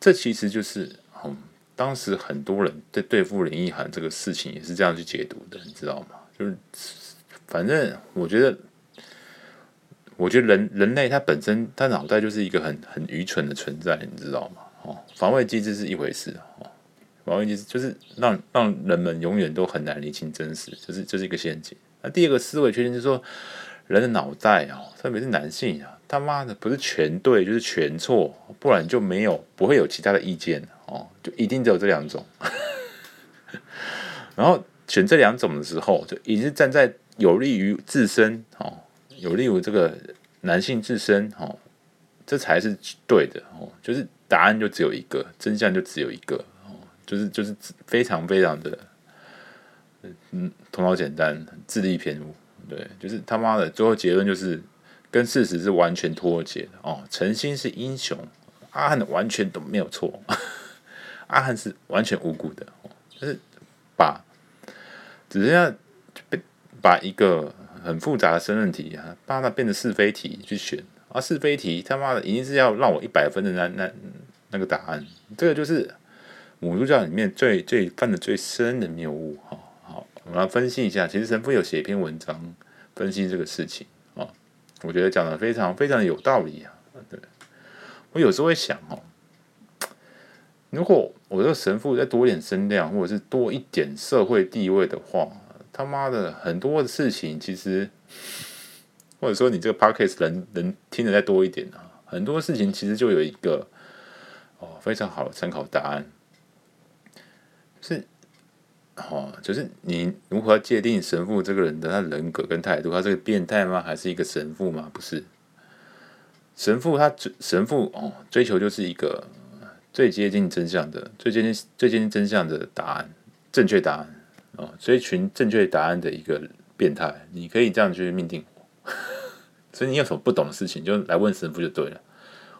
這其實就是，嗯，當時很多人在對，對付林奕含這個事情也是這樣去解讀的，你知道嗎？就是反正我覺得，我覺得人人類他本身他腦袋就是一個很很愚蠢的存在，你知道嗎？哦，防衛機制是一回事，哦，防衛機制就是讓讓人們永遠都很難理清真實，這，就是這，就是一個陷阱。那第二個思維缺陷就是說，人的腦袋啊，特別是男性啊。他媽的，不是全對就是全錯，不然就沒有不會有其他的意見哦，就一定只有這兩種。 然後選這兩種的時候，就已經站在有利於自身哦，有利於這個男性自身哦，這才是對的哦。就是答案就只有一個，真相就只有一個哦，就是就是非常非常的，嗯，頭腦簡單，智力偏弱，對，就是他媽的，最後結論就是。跟事實是完全脫節的哦，誠心是英雄，阿翰完全都沒有錯，阿翰是完全無辜的，哦、就是把只是下被把一個很複雜的申論題啊，把它變成是非題去選，而、啊、是非題他媽的一定是要讓我一百分的那那那個答案，這個就是母豬教裡面最最犯的最深的謬誤哈。好，我們來分析一下，其實神父有寫一篇文章分析這個事情。我覺得講的非常非常有道理啊！對，我有時候會想哦。如果我這個神父再多一點聲量，或者是多一點社會地位的話，他媽的，很多的事情其實，或者說你這個 podcast 能能聽得再多一點啊，很多事情其實就有一個哦非常好的參考答案是。哦，就是你如何界定神父這個人的他人格跟態度？他是個變態嗎？還是一個神父嗎？不是，神父他神父哦，追求就是一個最接近真相的、最接近最接近真相的答案，正確答案哦，追尋正確答案的一個變態，你可以這樣去命定。 所以你有什麼不懂的事情，就來問神父就對了。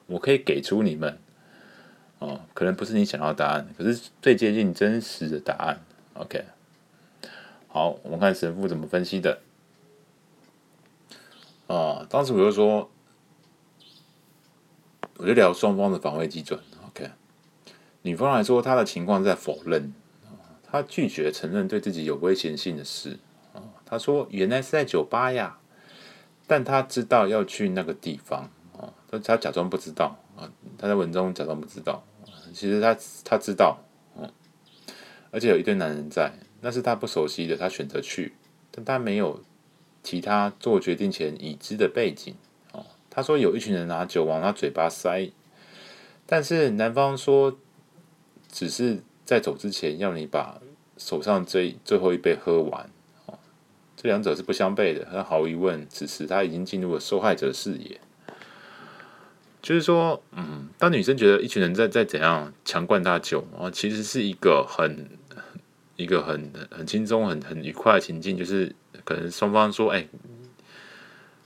我可以給出你們哦，可能不是你想要答案，可是最接近真實的答案。OK，好，我們看神父怎麼分析的。啊、嗯，當時我就說，我就聊雙方的防衛基準。OK，女方來說，她的情況是在否認，她拒絕承認對自己有危險性的事。她說原來是在酒吧呀，但她知道要去那個地方，啊，她她假裝不知道啊，她在文中假裝不知道，其實她她知道。而且有一對男人在，那是他不熟悉的，他選擇去，但他沒有其他做決定前已知的背景。哦，他說有一群人拿酒往他嘴巴塞，但是男方說只是在走之前要你把手上這最，最後一杯喝完。哦，這兩者是不相悖的。毫無疑問，此時他已經進入了受害者視野。就是說，嗯，當女生覺得一群人在在怎樣強灌他酒啊，哦，其實是一個很。一個很很輕鬆、很很，很愉快的情境，就是可能雙方說：“哎、欸，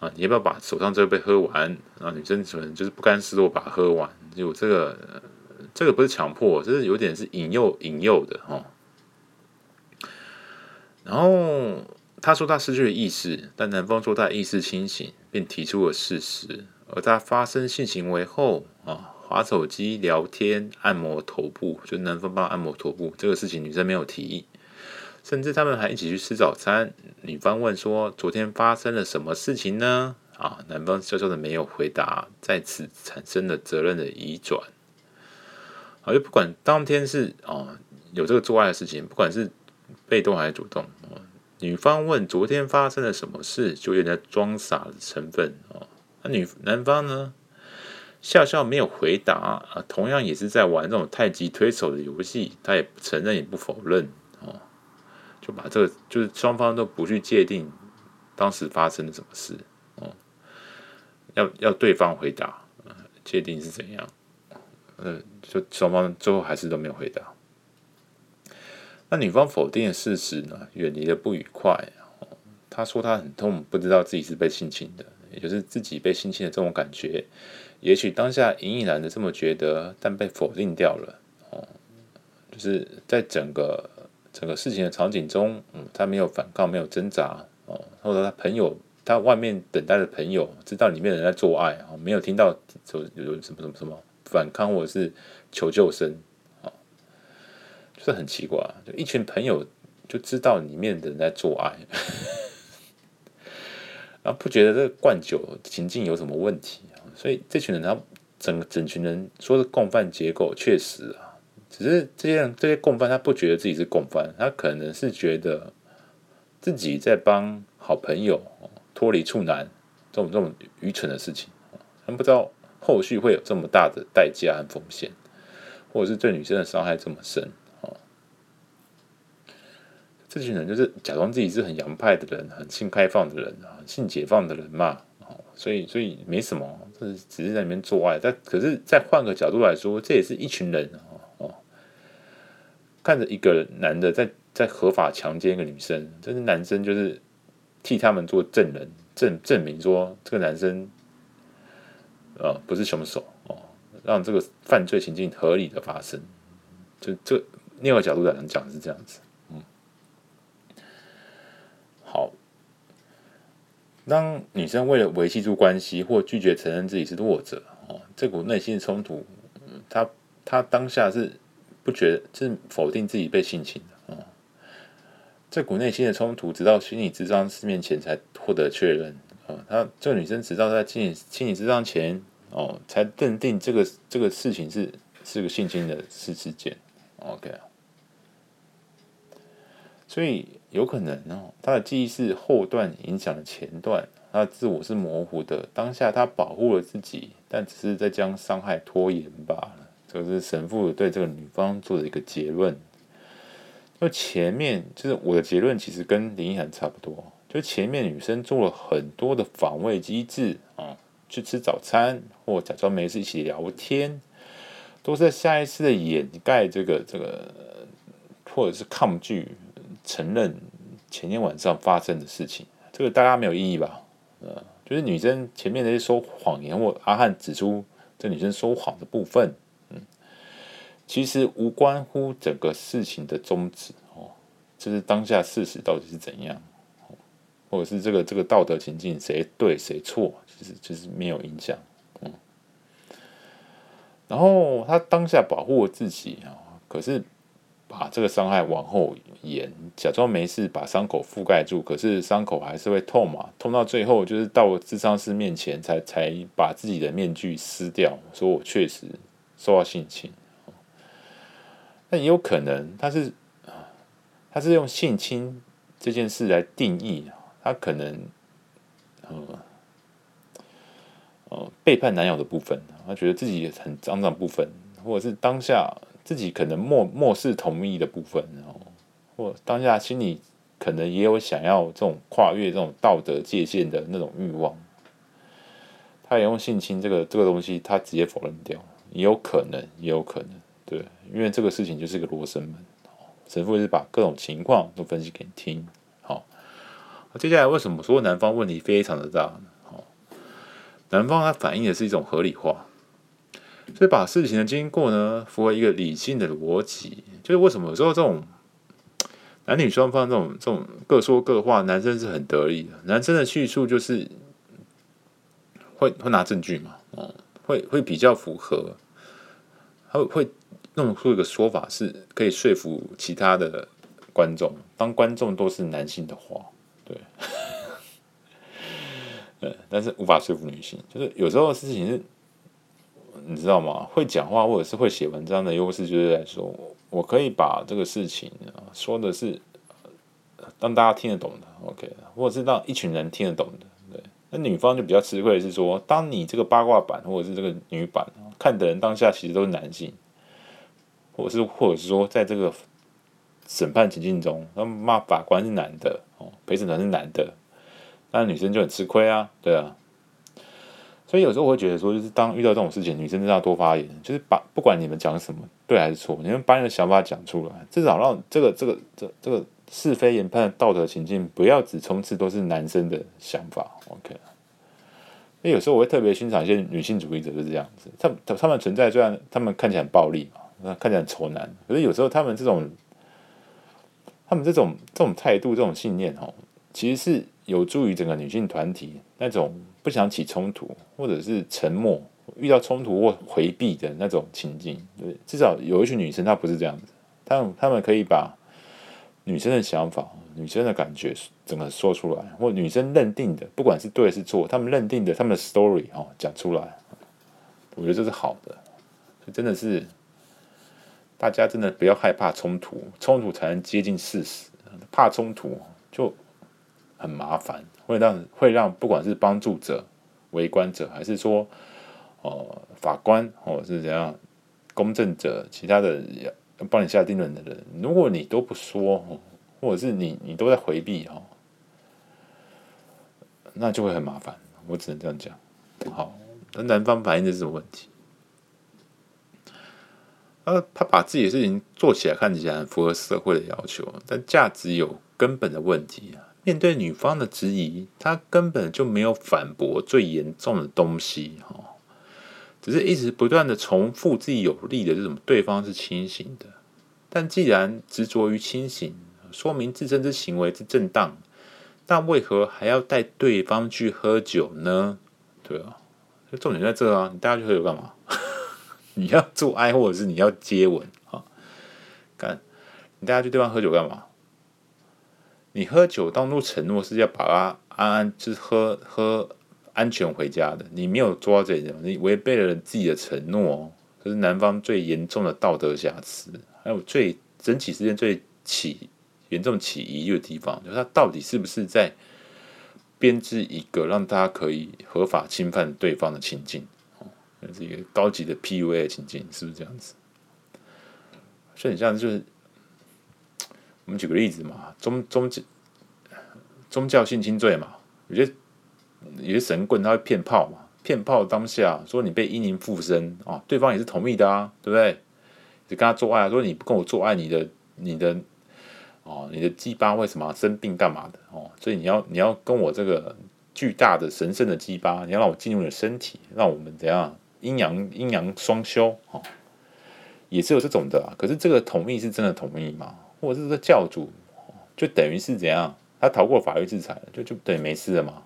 啊，你要不要把手上這杯喝完？”啊，女生可能就是不甘示弱，把它喝完。就這個，這個不是強迫，這是有點是引誘、引誘的哦。然後他說他失去了意識，但男方說他意識清醒，並提出了事實。而他發生性行為後啊。哦滑手機、聊天、按摩頭部，就男方幫按摩頭部這個事情，女生沒有提，甚至他們還一起去吃早餐。女方問說：“昨天發生了什麼事情呢？”啊，男方悄悄的沒有回答，在此產生了責任的移轉。而、啊、不管當天是啊有這個做愛的事情，不管是被動還是主動，啊、女方問昨天發生了什麼事，就有點裝傻的成分啊，那女男方呢？笑笑沒有回答啊，同樣也是在玩這種太極推手的遊戲，他也不承認，也不否認哦，就把這個就是雙方都不去界定當時發生了什麼事哦，要要對方回答、啊、界定是怎樣，嗯、啊，就雙方最後還是都沒有回答。那女方否定的事實呢？遠離的不愉快、哦、她說她很痛，不知道自己是被性侵的，也就是自己被性侵的這種感覺。也許當下隱隱然的這麼覺得，但被否定掉了。哦，就是在整個整個事情的場景中，嗯，他沒有反抗，沒有掙扎，哦，或者他朋友，他外面等待的朋友知道裡面的人在做愛，哦，沒有聽到就有什麼什麼什麼反抗或者是求救聲，啊、哦，就是很奇怪，就一群朋友就知道裡面的人在做愛， 然後不覺得這個灌酒情境有什麼問題。所以這群人，他整整群人說是共犯結構，確實啊，只是這些人這些共犯，他不覺得自己是共犯，他可能是覺得自己在幫好朋友脫離處男這種這種愚蠢的事情，他不知道後續會有這麼大的代價和風險，或者是對女生的傷害這麼深啊。這群人就是假裝自己是很洋派的人，很性開放的人啊，性解放的人嘛，所以所以沒什麼。是只是在裡面做愛，但可是再換個角度來說，這也是一群人哦哦，看着一個男的在在合法強奸一個女生，這是男生就是替他們做證人，證證明說這個男生、哦、不是凶手哦，讓這個犯罪情境合理的發生，就這另一、那個角度來講，講是這樣子。當女生為了維繫住關係，或拒絕承認自己是弱者，哦，這股內心的衝突，她、嗯、她當下是不覺，是否定自己被性侵、哦、這股內心的衝突，直到心理諮商師面前才獲得確認啊！她、哦、這個女生，直到在心理心理諮商前，哦，才認定這個這個事情是是個性侵的事事件。OK，所以。有可能哦，他的記憶是後段影響了前段，他的自我是模糊的。當下他保護了自己，但只是在將傷害拖延罷了。這是神父對這個女方做的一個結論。那前面就是我的結論，其實跟林依涵差不多。就前面女生做了很多的防衛機制啊、哦，去吃早餐或假裝沒事一起聊天，都是在下意識的掩蓋這個這個，或者是抗拒。承認前天晚上發生的事情，這個大家沒有異議吧，呃？就是女生前面那些說謊言，或阿翰指出這女生說謊的部分，嗯，其實無關乎整個事情的宗旨哦，這，就是當下事實到底是怎樣，哦，或者是這個這個道德情境誰對誰錯，其實其實沒有影響，嗯。然後他當下保護自己啊，哦，可是。啊，把這個傷害往後延，假裝沒事，把傷口覆蓋住，可是傷口還是會痛嘛？痛到最後，就是到諮商師面前才，才才把自己的面具撕掉，說我確實受到性侵。那也有可能，他是他是用性侵這件事來定義，他可能，呃呃、背叛男友的部分，他覺得自己很髒髒部分，或者是當下。自己可能漠漠視同意的部分，然、哦、後或當下心裡可能也有想要這種跨越這種道德界限的那種欲望。他也用性侵這個這個東西，他直接否認掉，也有可能，也有可能，對，因為這個事情就是一個羅生門。哦、神父是把各種情況都分析給你聽，好、哦。啊、接下來為什麼說男方問題非常的大呢？好、哦，男方它反映的是一種合理化。所以把事情的經過呢，符合一個理性的邏輯。就是為什麼說這種男女雙方這種這種各說各話，男生是很得意的。男生的敘述就是會會拿證據嘛，哦，會會比較符合，他會會弄出一個說法是可以說服其他的觀眾。當觀眾都是男性的話，對， 對，但是無法說服女性。就是有時候事情是。你知道嗎？會講話或者是會寫文章的優勢，就是來說，我可以把這個事情說的是讓大家聽得懂的，OK，或者是讓一群人聽得懂的。對，那女方就比較吃虧是說，當你這個八卦版或者是這個女版看的人當下其實都是男性，或者是或者是說在這個審判情境中，那罵法官是男的哦，陪審團是男的，那女生就很吃虧啊，對啊。所以有時候我會覺得說，就是當遇到這種事情，女生真的要多發言，就是把不管你們講什麼對還是錯，你們把你的想法講出來，至少讓這個、這個、這個、這個是非研判的道德情境，不要只充斥都是男生的想法。OK，那有時候我會特別欣賞一些女性主義者，就是這樣子，他、他們存在雖然他們看起來很暴力嘛，看起來很仇男，可是有時候他們這種、他們這種這種態度、這種信念，哈，其實是有助於整個女性團體那種。不想起衝突，或者是沉默；遇到衝突或回避的那種情境，對，至少有一群女生她不是這樣子，她們，她們可以把女生的想法、女生的感覺整個說出來，或女生認定的，不管是對是錯，她們認定的她們的 story 哦，講出來，我覺得這是好的，所以真的是大家真的不要害怕衝突，衝突才能接近事實，怕衝突就。很麻煩，會讓會讓不管是幫助者、圍觀者，還是說哦、呃、法官、或者是怎樣公正者，其他的要幫你下定論的人，如果你都不說，或者是你你都在回避哦。那就會很麻煩。我只能這樣講。好，那男方反映的是什麼問題？啊，他把自己的事情做起來，看起來很符合社會的要求，但價值有根本的問題啊。面對女方的質疑，他根本就沒有反駁最嚴重的東西，只是一直不斷的重複自己有利的這種。對方是清醒的，但既然執着於清醒，說明自身之行為是正當，那為何還要帶對方去喝酒呢？對啊，重點在這啊，你帶他去喝酒幹嘛？ 你要做愛或者是你要接吻啊？幹，你帶他去對方喝酒幹嘛？你喝酒當做承諾是要把他安安就是喝喝安全回家的，你沒有抓着人，你違背了自己的承諾，這是男方最嚴重的道德瑕疵，還有最整起事件最起嚴重起疑的地方，就是他到底是不是在編織一個讓他可以合法侵犯對方的情境，哦、這是一個高級的 PUA 的情境，是不是這樣子？所以你這樣就是。我們舉個例子嘛，宗宗教宗教性侵罪嘛，有些有些神棍他會騙炮嘛，騙炮當下說你被陰靈附身哦、啊，對方也是同意的啊，對不對？你跟他做愛啊，說你不跟我做愛你，你的你的哦，你的雞巴為什麼、啊、生病幹嘛的哦、啊，所以你要你要跟我這個巨大的神聖的雞巴，你要讓我進入你的身體，讓我們怎樣陰陽陰陽雙修哦、啊，也是有這種的、啊，可是這個同意是真的同意嗎？我是說，教主就等於是怎樣？他逃過法律制裁了，就就等於沒事了嗎？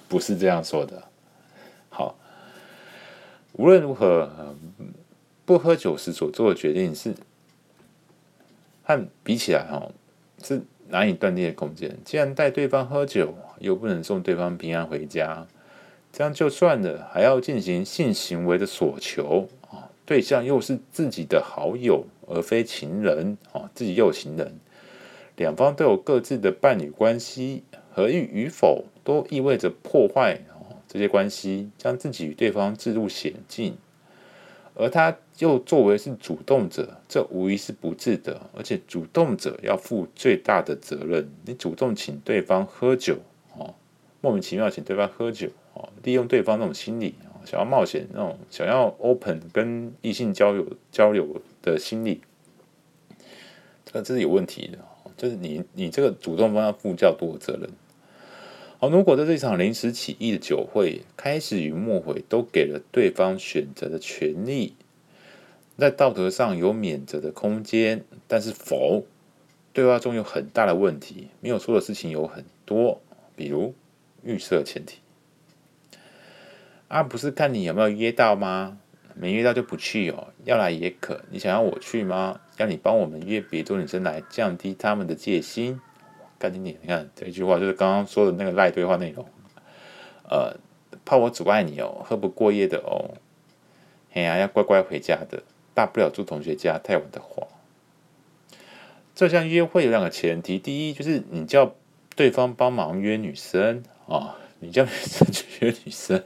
不是這樣說的。好，無論如何，不喝酒時所做的決定是和比起來，哈，是難以斷定的空間。既然帶對方喝酒，又不能送對方平安回家，這樣就算了。還要進行性行為的索求，對象又是自己的好友。而非情人哦，自己又情人，兩方都有各自的伴侶關係，合意與否都意味着破壞哦。這些關係將自己與對方置入險境，而他又作為是主動者，這無疑是不智的，而且主動者要負最大的責任。你主動請對方喝酒哦，莫名其妙請對方喝酒哦，利用對方這種心理。想要冒險那種想要 open 跟異性交友交流的心理，這、啊、個這是有問題的，就是你你這個主動方要負較多的責任。好、啊，如果在這場臨時起意的酒會開始與末尾都給了對方選擇的權利，在道德上有免責的空間，但是否對話中有很大的問題，沒有說的事情有很多，比如預設前提。啊，不是看你有沒有約到嗎？沒約到就不去哦。要來也可，你想要我去嗎？要你幫我們約別多女生來，降低他們的戒心。乾淨點，你看這句話就是剛剛說的那個賴對話內容。呃，怕我阻礙你哦，喝不過夜的哦，哎呀、啊，要乖乖回家的。大不了住同學家，太晚的話，這項約會有兩個前提，第一就是你叫對方幫忙約女生啊、哦，你叫女生去約女生。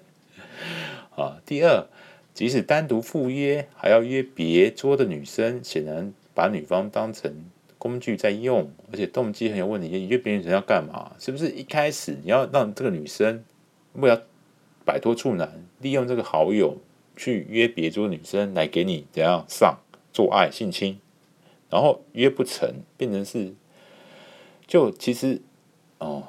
啊，第二，即使單獨赴約，還要約別桌的女生，顯然把女方當成工具在用，而且動機很有問題。你約別人要幹嘛？是不是一開始你要讓這個女生為了擺脫處男，利用這個好友去約別桌女生來給你怎樣上做愛性侵？然後約不成，變成是就其實哦，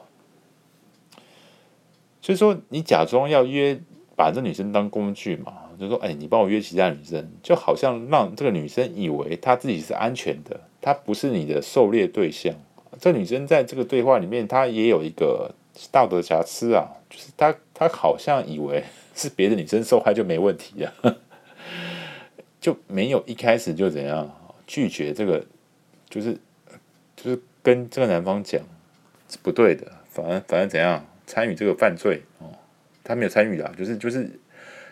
所以說你假裝要約。把這女生當工具嘛，就說哎、欸，你幫我約其他女生，就好像讓這個女生以為她自己是安全的，她不是你的狩獵對象。這女生在這個對話裡面，她也有一個道德瑕疵啊，就是她她好像以為是別的女生受害就沒問題啊，就沒有一開始就怎樣拒絕這個，就是就是跟這個男方講是不對的，反而反而怎樣參與這個犯罪。他沒有參與啊，就是就是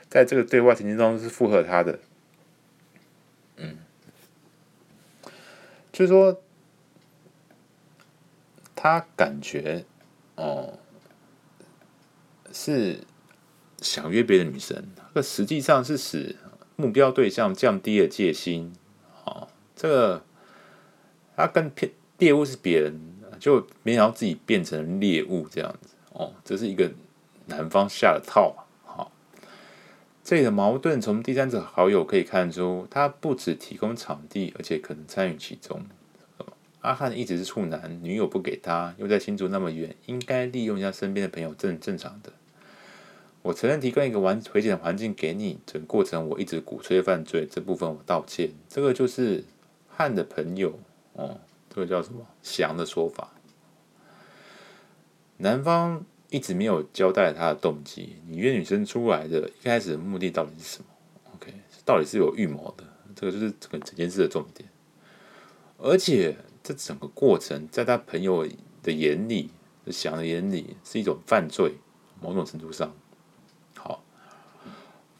在這個對話情境中是附和他的，嗯，就是說他感覺哦是想約別的女生，那實際上是使目標對象降低了戒心哦，這個他跟騙獵物是別人，就沒想到自己變成獵物這樣子哦，這是一個。男方下了套，啊，好，這裡的矛盾從第三者好友可以看出，他不只提供場地，而且可能參與其中。阿翰一直是處男，女友不給他，又在新竹那麼遠，應該利用一下身邊的朋友，正正常的。我承認提供一個完全危險的環境給你，整個過程我一直鼓吹犯罪，這部分我道歉。這個就是翰的朋友，哦，這個叫什麼？祥的說法，男方。一直沒有交代他的動機。你約女生出來的一開始的目的到底是什麼？OK，到底是有預謀的？這個就是整個整件事的重點。而且這整個過程，在他朋友的眼裡、想的眼裡，是一種犯罪。某種程度上，好，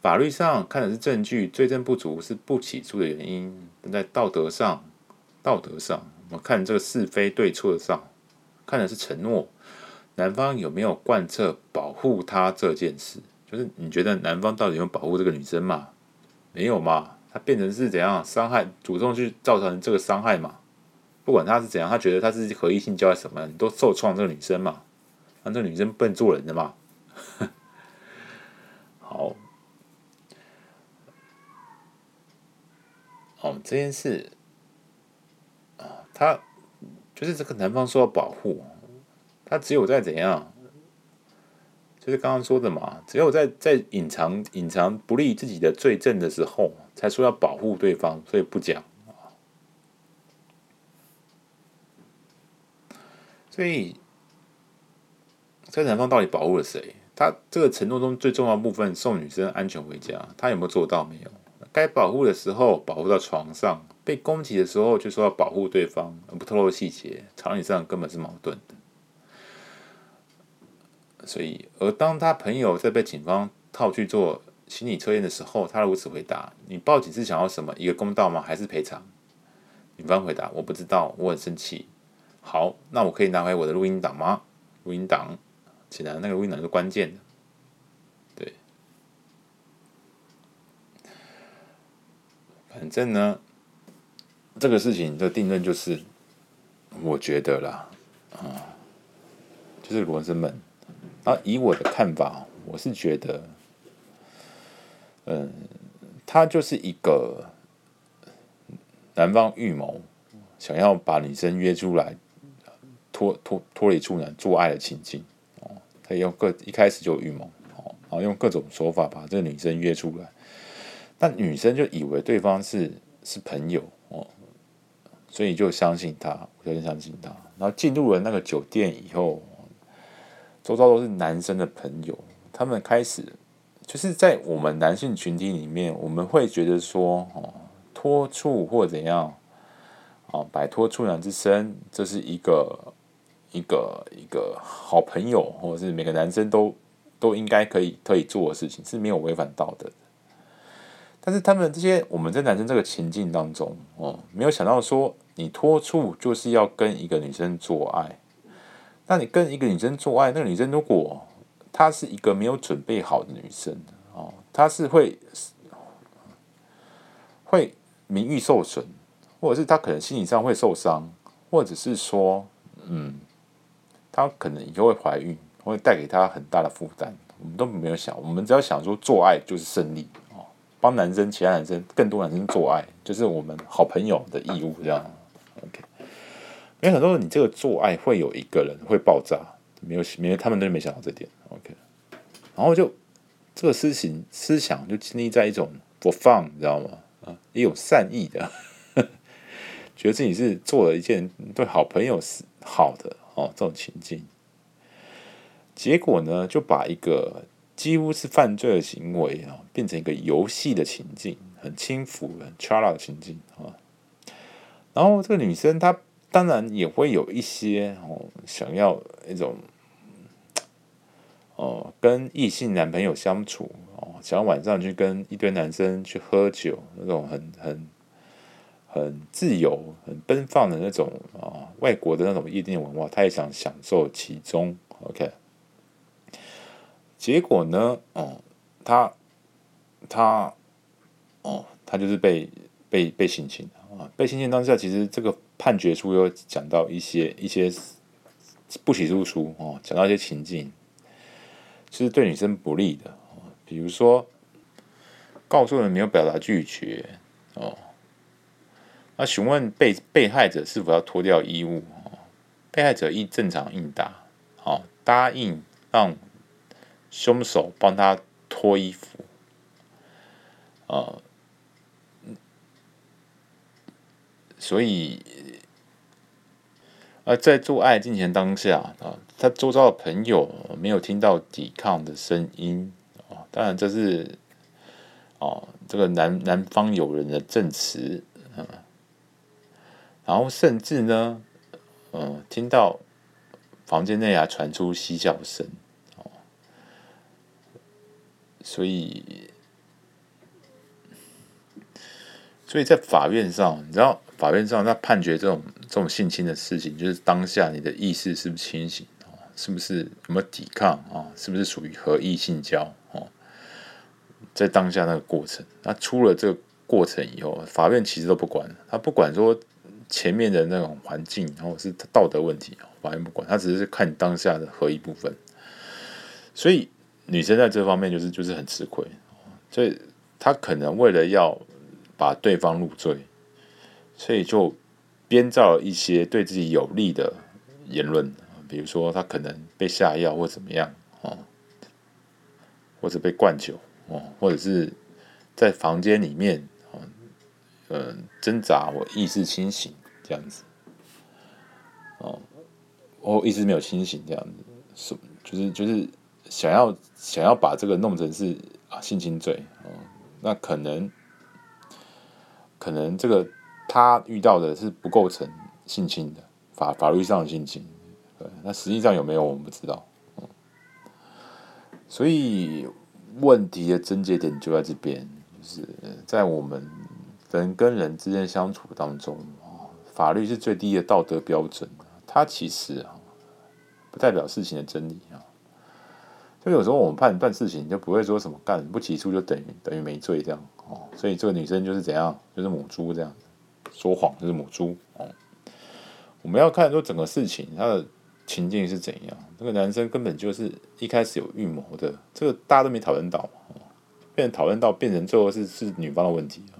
法律上看的是證據，罪證不足是不起訴的原因。但在道德上，道德上，我們看這個是非對錯上，看的是承諾。男方有沒有貫徹保護她這件事？就是你覺得男方到底有，有保護這個女生嗎？沒有嘛，他變成是怎樣傷害，主動去造成這個傷害嘛？不管他是怎樣，他覺得他是合意性交什麼，你都受創這個女生嘛？啊、那這女生笨做人的嘛？ 好，哦，這件事啊，他就是這個男方說要保護，他只有在怎樣，就是剛剛說的嘛，只有在在隱藏隱藏不利自己的罪證的時候，才說要保護對方，所以不講。所以，這男方到底保護了誰？他這個承諾中最重要的部分，送女生安全回家，他有沒有做到？沒有。該保護的時候保護到床上，被攻擊的時候就說要保護對方，而不透露細節，常理上根本是矛盾的。所以，而當他朋友在被警方套去做心理測驗的時候，他如此回答：“你報警是想要什麼？一個公道嗎？還是賠償？”警方回答：“我不知道，我很生氣。”好，那我可以拿回我的錄音檔嗎？錄音檔，顯然那個錄音檔是關鍵的。對，反正呢，這個事情的定論就是，我覺得啦，啊、嗯，就是羅生門。啊，以我的看法，我是覺得，嗯，他就是一個男方預謀，想要把女生約出來脫脫脫離處男做愛的情境，哦，他用各一開始就預謀，哦，然後用各種手法把這個女生約出來，但女生就以為對方是是朋友哦，所以就相信他，我就就相信他，然後進入了那個酒店以後。周遭都是男生的朋友，他們開始就是在我們男性群體裡面，我們會覺得說，哦，脫處或怎樣，哦，擺脫處男之身，這是一個一個一個好朋友，或者是每個男生都都應該可以可以做的事情，是沒有違反道德的。但是他們這些我們在男生這個情境當中，哦，沒有想到說你脫處就是要跟一個女生做愛，那你跟一個女生做愛，那個女生如果她是一個沒有準備好的女生哦，她是會會名譽受損，或者是她可能心理上會受傷，或者是說，嗯，她可能以後會懷孕，會帶給她很大的負擔。我們都沒有想，我們只要想說，做愛就是勝利哦，幫男生、其他男生、更多男生做愛，就是我們好朋友的義務這樣。OK、嗯。因為很多人你這個做愛會有一個人會爆炸，沒有，沒有，他們都沒想到這點。OK，然後就這個事情思想就建立在一種不放，你知道嗎？啊，也有善意的呵呵，覺得自己是做了一件對好朋友好的哦、啊，這種情境。結果呢，就把一個幾乎是犯罪的行為啊，變成一個遊戲的情境，很輕浮、很 chara 的情境啊。然後這個女生她。當然也會有一些哦，想要一種哦、呃，跟異性男朋友相處哦，想要晚上去跟一堆男生去喝酒，那種很很很自由、很奔放的那種啊、呃，外國的那種夜店文化，他也想享受其中。OK，結果呢？哦、呃，他他哦，他就是被被被性侵。啊、被性侵當下，其實這個判決書又講到一些一些不起訴書哦，講到一些情境，就是對女生不利的、哦、比如說，告訴人沒有表達拒絕哦，那、啊、詢問被被害者是否要脫掉衣物哦，被害者一正常應答，哦、答應讓兇手幫他脫衣服，啊、哦。所以，而在做愛進行當下啊，他周遭的朋友沒有聽到抵抗的聲音，當然，這是哦這個男男方友人的證詞，嗯，然後甚至呢，嗯，聽到房間內啊傳出嬉笑聲哦。所以，所以在法院上，你知道。法院上，他判決這種這種性侵的事情，就是當下你的意識是不是清醒啊？是不是有沒有抵抗啊？是不是屬於合意性交哦？在當下那個過程，那出了這個過程以後，法院其實都不管，他不管說前面的那種環境，然後是道德問題，法院不管，他只是看你當下的合意部分。所以女生在這方面就是就是很吃虧，所以他可能為了要把對方入罪。所以就編造了一些對自己有利的言論，比如說他可能被下藥或怎麼樣哦，或者被灌酒哦，或者是在房間裡面嗯、呃，掙扎或意識清醒這樣子哦，哦一直沒有清醒這樣子，就是，就是就是想要想要把這個弄成是啊性侵罪哦，那可能可能這個。他遇到的是不構成性侵的法法律上的性侵，對，那實際上有沒有我們不知道。嗯、所以問題的症結點就在這邊，就是在我們人跟人之間相處當中、哦，法律是最低的道德標準，它其實啊不代表事情的真理啊。就有時候我們判斷事情，就不會說什麼幹不起訴就等於等於沒罪這樣哦。所以這個女生就是怎樣，就是母豬這樣。說謊就是母豬哦，我們要看說整個事情，他的情境是怎樣？這、那個男生根本就是一開始有預謀的，這個大家都沒討論到，哦，變討論到變成最後是是女方的問題，哦、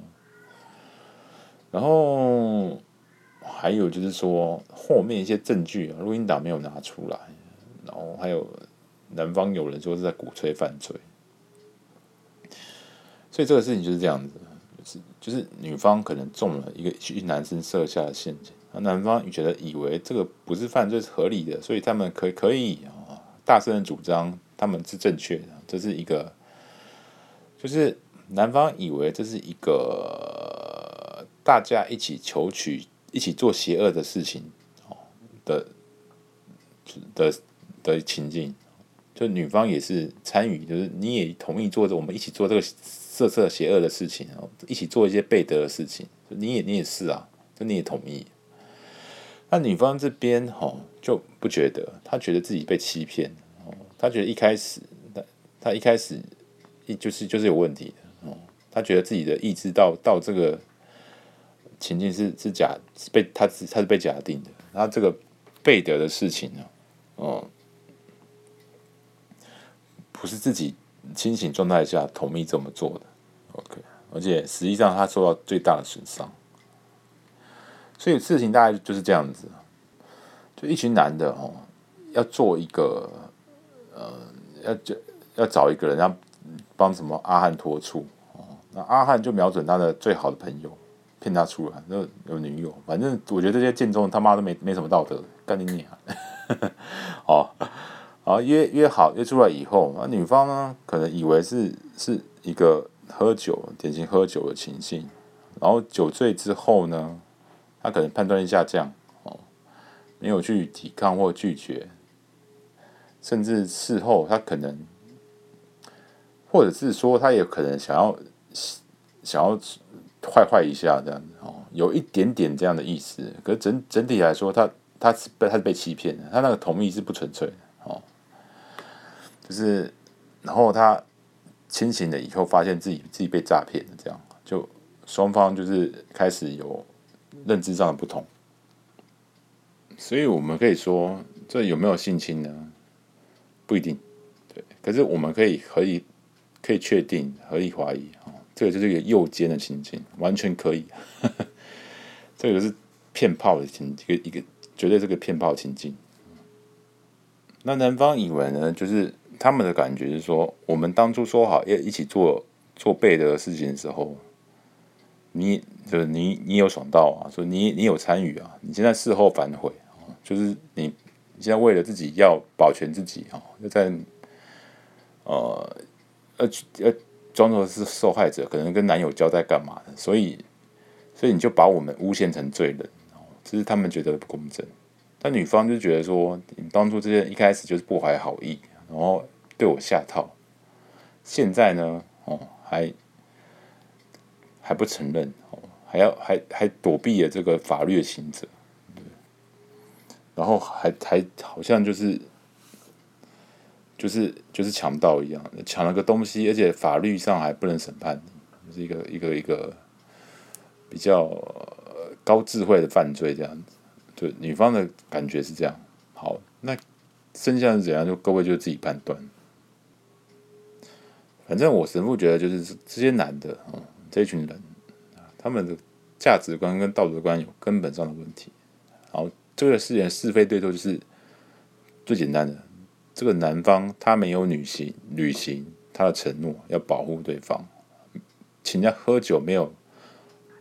然後還有就是說後面一些證據錄音檔沒有拿出來，然後還有男方有人說是在鼓吹犯罪，所以這個事情就是這樣子。是就是女方可能中了一個一男生設下的陷阱，而、啊、男方覺得以為這個不是犯罪是合理的，所以他們可以可以啊、哦、大聲的主張他們是正確的，這是一個，就是男方以為這是一個大家一起求取、一起做邪惡的事情哦的的、的情境，就女方也是參與，就是你也同意做着，我們一起做這個。色色邪惡的事情哦，一起做一些背德的事情，你也你也是啊，就你也同意。那女方這邊哦就不覺得，她覺得自己被欺騙哦，她覺得一開始她她一開始一就是就是有問題的哦，她覺得自己的意志到到這個情境是是假是被她她是被假定的，她這個背德的事情呢，哦，不是自己，清醒狀態下同意這麼做的，OK，而且實際上他受到最大的損傷，所以事情大概就是這樣子，就一群男的哦，要做一個，呃，要要找一個人要幫什麼阿翰拖出哦，那阿翰就瞄準他的最好的朋友，騙他出來，那有女友，反正我覺得這些建忠他媽都沒沒什麼道德，幹你娘啊，哦。 然後約約好，約出來以後，啊，女方呢，可能以為是是一個喝酒，典型喝酒的情形，然後酒醉之後呢，他可能判斷力下降，哦，沒有去抵抗或拒絕，甚至事後他可能，或者是說他也可能想要想要壞壞一下這樣子哦，有一點點這樣的意思。可是整整體來說，他他是他是被欺騙的，他那個同意是不純粹的。就是，然後他清醒了以後，發現自己自己被詐騙，這樣，就雙方就是開始有認知上的不同，所以我們可以說這有沒有性侵呢？不一定，對。可是我們可以可以可以確定，可以懷疑啊、哦，這個就是一個誘姦的情境，完全可以。呵呵這個是騙炮的情境，一個一個絕對是個騙炮的情境。那男方以為呢，就是。他們的感覺是說，我們當初說好要一起做做備的事情的時候，你就是你，你有爽到啊？說你你有參與啊？你現在事後反悔就是你，你現在為了自己要保全自己啊，要在呃呃裝作是受害者，可能跟男友交代幹嘛的？所以所以你就把我們誣陷成罪人，這是他們覺得不公正。但女方就覺得說，你當初這些一開始就是不懷好意。然後對我下套，現在呢，哦，還還不承認，哦，還要還還躲避了這個法律的刑責。然後還還好像就是就是就是強盜一樣，搶了個東西，而且法律上還不能審判，就是一個一個一個比較高智慧的犯罪這樣子，對，女方的感覺是這樣，好，那。真相是怎樣？就各位就自己判斷。反正我神父覺得，就是這些男的啊、嗯，這一群人，他們的價值觀跟道德觀有根本上的問題。然後這個事情是非對錯，就是最簡單的。這個男方他沒有履行履行他的承諾，要保護對方，請人家喝酒沒有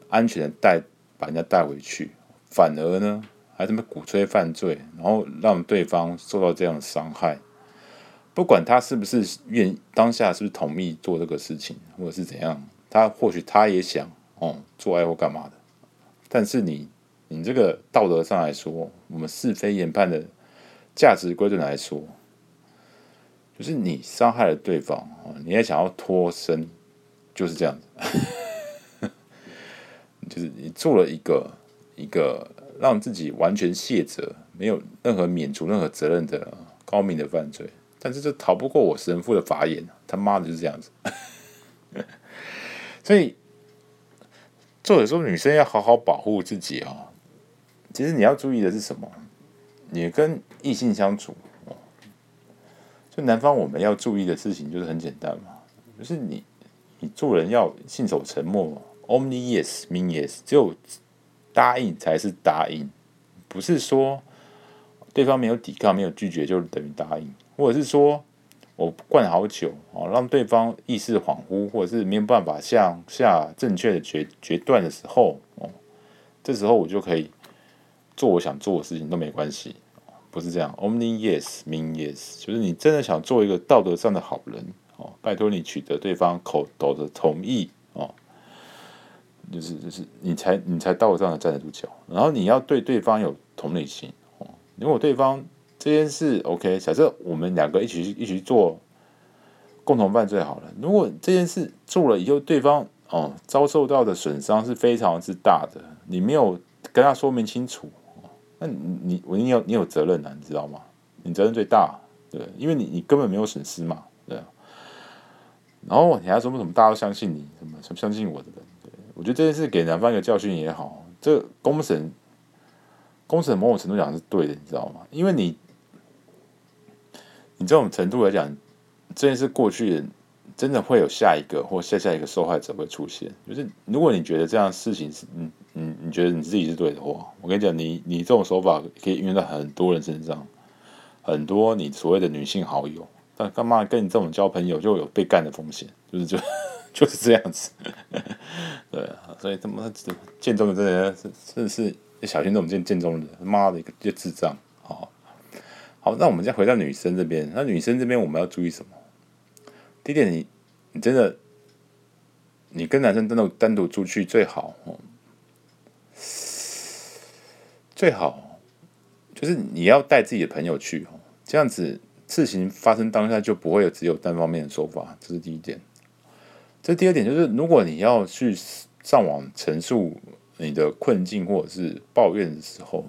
安全的帶把人家帶回去，反而呢。還是什麼鼓吹犯罪，然後讓對方受到這樣的傷害，不管他是不是願當下是不是同意做這個事情，或者是怎樣，他或許他也想哦、嗯、做愛或幹嘛的，但是你你這個道德上來說，我們是非研判的價值規準來說，就是你傷害了對方、嗯、你也想要脫身，就是這樣子， 就是你做了一個一個。讓自己完全卸責，沒有任何免除任何責任的高明的犯罪，但是這逃不過我神父的法眼，他媽的就是這樣子。 所以作者說女生要好好保護自己啊、哦。其實你要注意的是什麼？你跟異性相處，就男方我們要注意的事情就是很簡單嘛，就是你你做人要信守承諾嘛，only yes means yes，只有。答應才是答應，不是說對方沒有抵抗，沒有拒絕就等於答應，或者是說我灌好酒哦，讓對方意識恍惚，或者是沒有辦法向下，下正確的決決斷的時候哦，這時候我就可以做我想做的事情都沒關係，哦，不是這樣。Only yes, means yes，就是你真的想做一個道德上的好人哦，拜托你取得對方口頭的同意。就是就是你才你才到我這樣的站得住腳，然後你要對對方有同理心哦。如果對方這件事 OK，假設我們兩個一起去一起去做共同犯罪好了。如果這件事做了以後，對方哦、嗯、遭受到的損傷是非常之大的，你沒有跟他說明清楚，哦、那你你你有你有責任的、啊，你知道嗎？你責任最大，對，因為你你根本沒有損失嘛，對。然後你還說什麼什麼大家都相信你，什麼相相信我的人，我覺得這件事給男方一個教訓也好，這個公審，公審某種程度講是對的，你知道嗎？因為你，你這種程度來講，這件事過去人真的會有下一個或下下一個受害者會出現。就是如果你覺得這樣的事情是，你、嗯、你、嗯、你覺得你自己是對的話，我跟你講，你你這種手法可以運用在很多人身上，很多你所謂的女性好友，但幹嘛跟你這種交朋友就有被幹的風險？就是就。 就是這樣子， 對啊，所以他們賤種的這些人是是是，就是、是小心這種賤種的人，他媽的一個智障啊、哦！好，那我們再回到女生這邊，那女生這邊我們要注意什麼？第一點你，你你真的，你跟男生單獨單獨出去最好，哦、最好就是你要帶自己的朋友去哦，這樣子事情發生當下就不會有只有單方面的說法，這、就是第一點。這第二點就是，如果你要去上網陳述你的困境或者是抱怨的時候，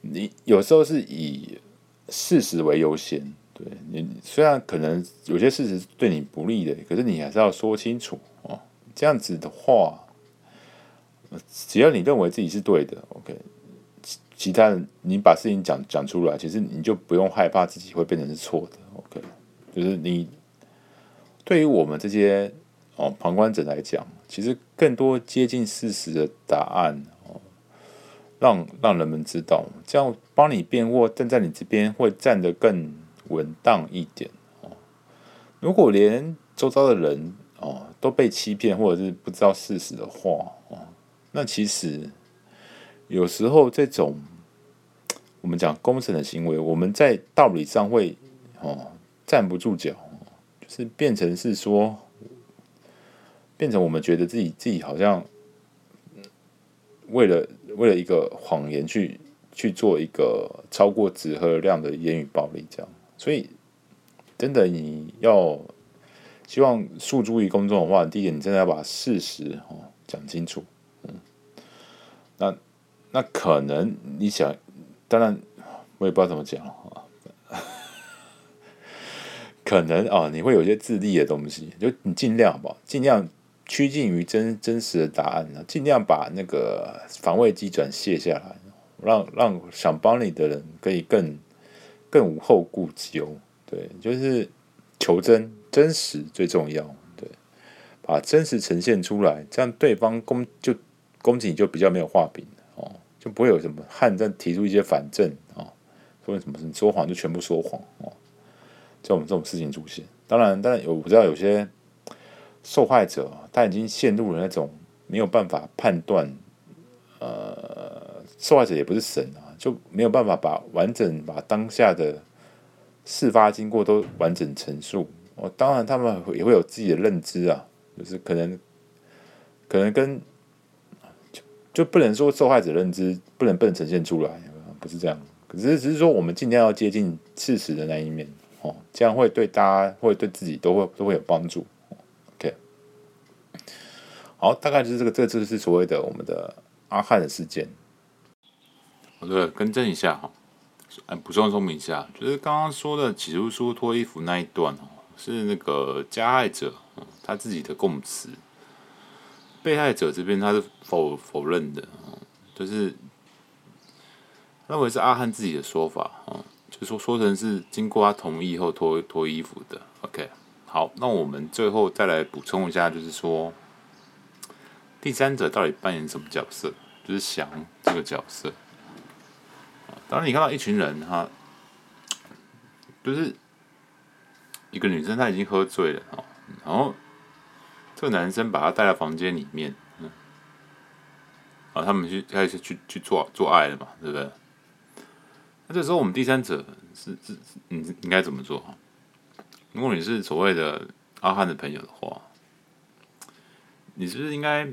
你有時候是以事實為優先。對，你雖然可能有些事實對你不利的，可是你還是要說清楚哦。這樣子的話，只要你認為自己是對的，OK，其其他人你把事情講講出來，其實你就不用害怕自己會變成是錯的，OK，就是你。對於我們這些哦旁觀者來講，其實更多接近事實的答案哦，讓讓人們知道，這樣幫你辯護，或站在你這邊會站得更穩當一點哦。如果連周遭的人哦都被欺騙或者是不知道事實的話哦，那其實有時候這種我們講公審的行為，我們在道理上會哦站不住腳。是變成是說，變成我們覺得自己自己好像為了為了一個謊言去去做一個超過紙盒量的言語暴力，這樣。所以真的你要希望訴諸於公眾的話，第一點，你真的要把事實哦講清楚。嗯，那那可能你想，當然我也不知道怎麼講啊。可能啊、哦，你會有些自立的東西，就你盡量吧，盡量趨近於真真實的答案，啊，盡量把那個防衛機轉卸下來，讓讓想幫你的人可以更更無後顧之憂。對，就是求真真實最重要。對，把真實呈現出來，這樣對方攻就攻擊你就比較沒有話柄，哦，就不會有什麼翰再提出一些反證啊、哦，或者什麼，什麼說謊就全部說謊哦。就我們這種事情出現，當然，但有，我知道有些受害者，他已經陷入了那種沒有辦法判斷。呃，受害者也不是神啊，就沒有辦法把完整把當下的事發經過都完整陳述。哦，當然他們也會有自己的認知啊，就是可能可能跟就就不能說受害者認知不能不能呈現出來，不是這樣。可是只是說我們盡量要接近事實的那一面。哦，這樣會對大家，或者對自己都會都會有幫助。OK，好，大概就是這個，這個、就是所謂的我們的阿翰的事件。好的、哦，更正一下哈，哎，補充說明一下，就是剛剛說的起訴書脫衣服那一段哦，是那個加害者他自己的供詞，被害者這邊他是否否認的，就是認為是阿翰自己的說法哈。說說成是經過他同意後脫脫衣服的，OK。好，那我們最後再來補充一下，就是說，第三者到底扮演什麼角色？就是想這個角色。當然，你看到一群人哈，就是一個女生，她已經喝醉了，然後這個男生把她帶到房間裡面，嗯，啊，他們去開始去去做做愛了嘛，對不對？這時候我們第三者是是，是，是，你應該怎麼做？哈，如果你是所謂的阿翰的朋友的話，你是不是應該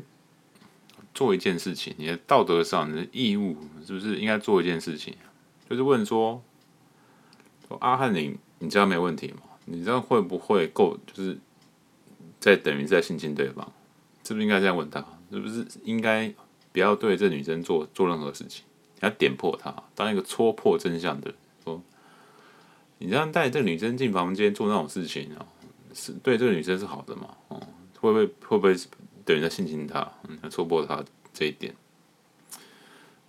做一件事情？你的道德上，你的義務是不是應該做一件事情？就是問說，說阿翰，你你這樣沒問題嗎？你這樣會不會夠？就是在等於在性侵對方？是不是應該這樣問他？是不是應該不要對這女生做做任何事情？你要點破他，當一個戳破真相的人，說：“你這樣帶這個女生進房間做那種事情啊，是對這個女生是好的嗎？哦、嗯，會不會會不會等於在性侵她、嗯？戳破他這一點，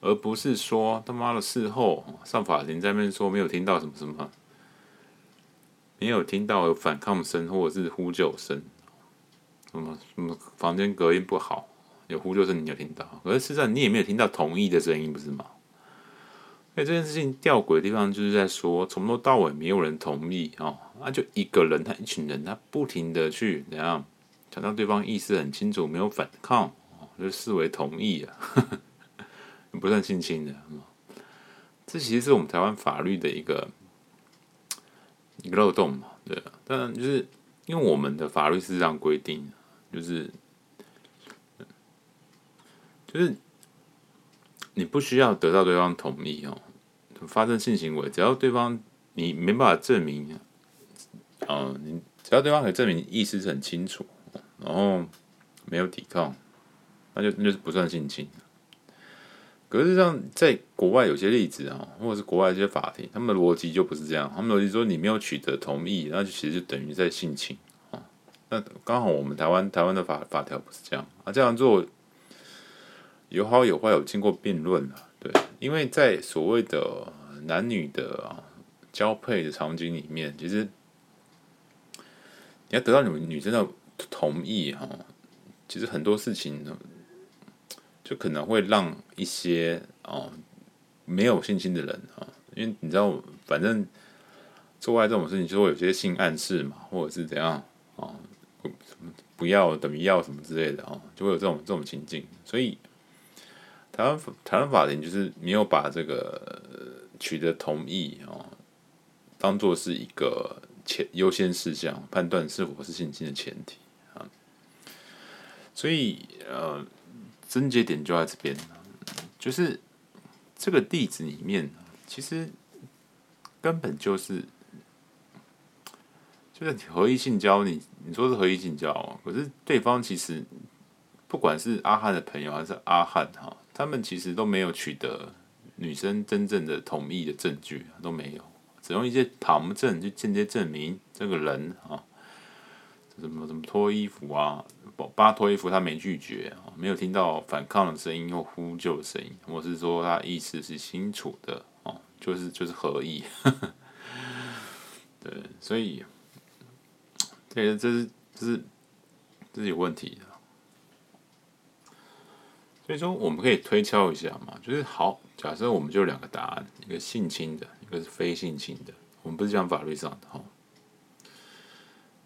而不是說他媽的事後上法庭在那邊說沒有聽到什麼什麼，沒有聽到有反抗聲或者是呼救聲，什麼什麼房間隔音不好，有呼救聲你有聽到，可是事實上你也沒有聽到同意的聲音，不是嗎？”所、欸、這件事情弔詭的地方，就是在說，從頭到尾沒有人同意哦，那、啊、就一個人他一群人他不停的去怎樣，想到對方意識很清楚，沒有反抗，哦、就視為同意啊，呵呵不算性侵的、嗯。這其實是我們台灣法律的一個，一個漏洞嘛，對。當然就是因為我們的法律是這樣規定，就是，就是。你不需要得到對方同意哦，發生性行為，只要對方你沒辦法證明，嗯，你只要對方可以證明你意思是很清楚，然後沒有抵抗，那就那就不算性侵。可是像在國外有些例子啊、哦，或者是國外一些法庭，他們的邏輯就不是這樣，他們邏輯說你沒有取得同意，那就其實就等於在性侵啊、哦。那剛好我們台灣台灣的法法條不是這樣啊，這樣做。有好有壞，有經過辯論了，對，因為在所謂的男女的啊交配的場景裡面，其實你要得到你們女生的同意哈，其實很多事情就可能會讓一些哦沒有信心的人啊，因為你知道，反正做愛這種事情就會有些性暗示嘛，或者是怎樣哦，不要等於要什麼之類的哦，就會有這種這種情境，所以。台灣台灣法庭就是沒有把這個取得同意哦，當做是一個前優先事項，判斷是否是性侵的前提啊。所以呃，症結點就在這邊，就是這個例子裡面，其實根本就是就是你合意性交，你你說是合意性交，可是對方其實不管是阿翰的朋友還是阿翰哈。他們其實都沒有取得女生真正的同意的證據，都沒有，只用一些旁證去間接證明這個人啊，怎麼怎麼脫衣服啊，幫他脫衣服他沒拒絕啊，沒有聽到反抗的聲音或呼救的聲音，或是說他意思是清楚的哦、啊，就是就是合意， 對，所以，對，這是這是這是這是有問題的。所以說，我們可以推敲一下嘛，就是好，假設我們就兩個答案，一個性侵的，一個是非性侵的。我們不是講法律上的哈。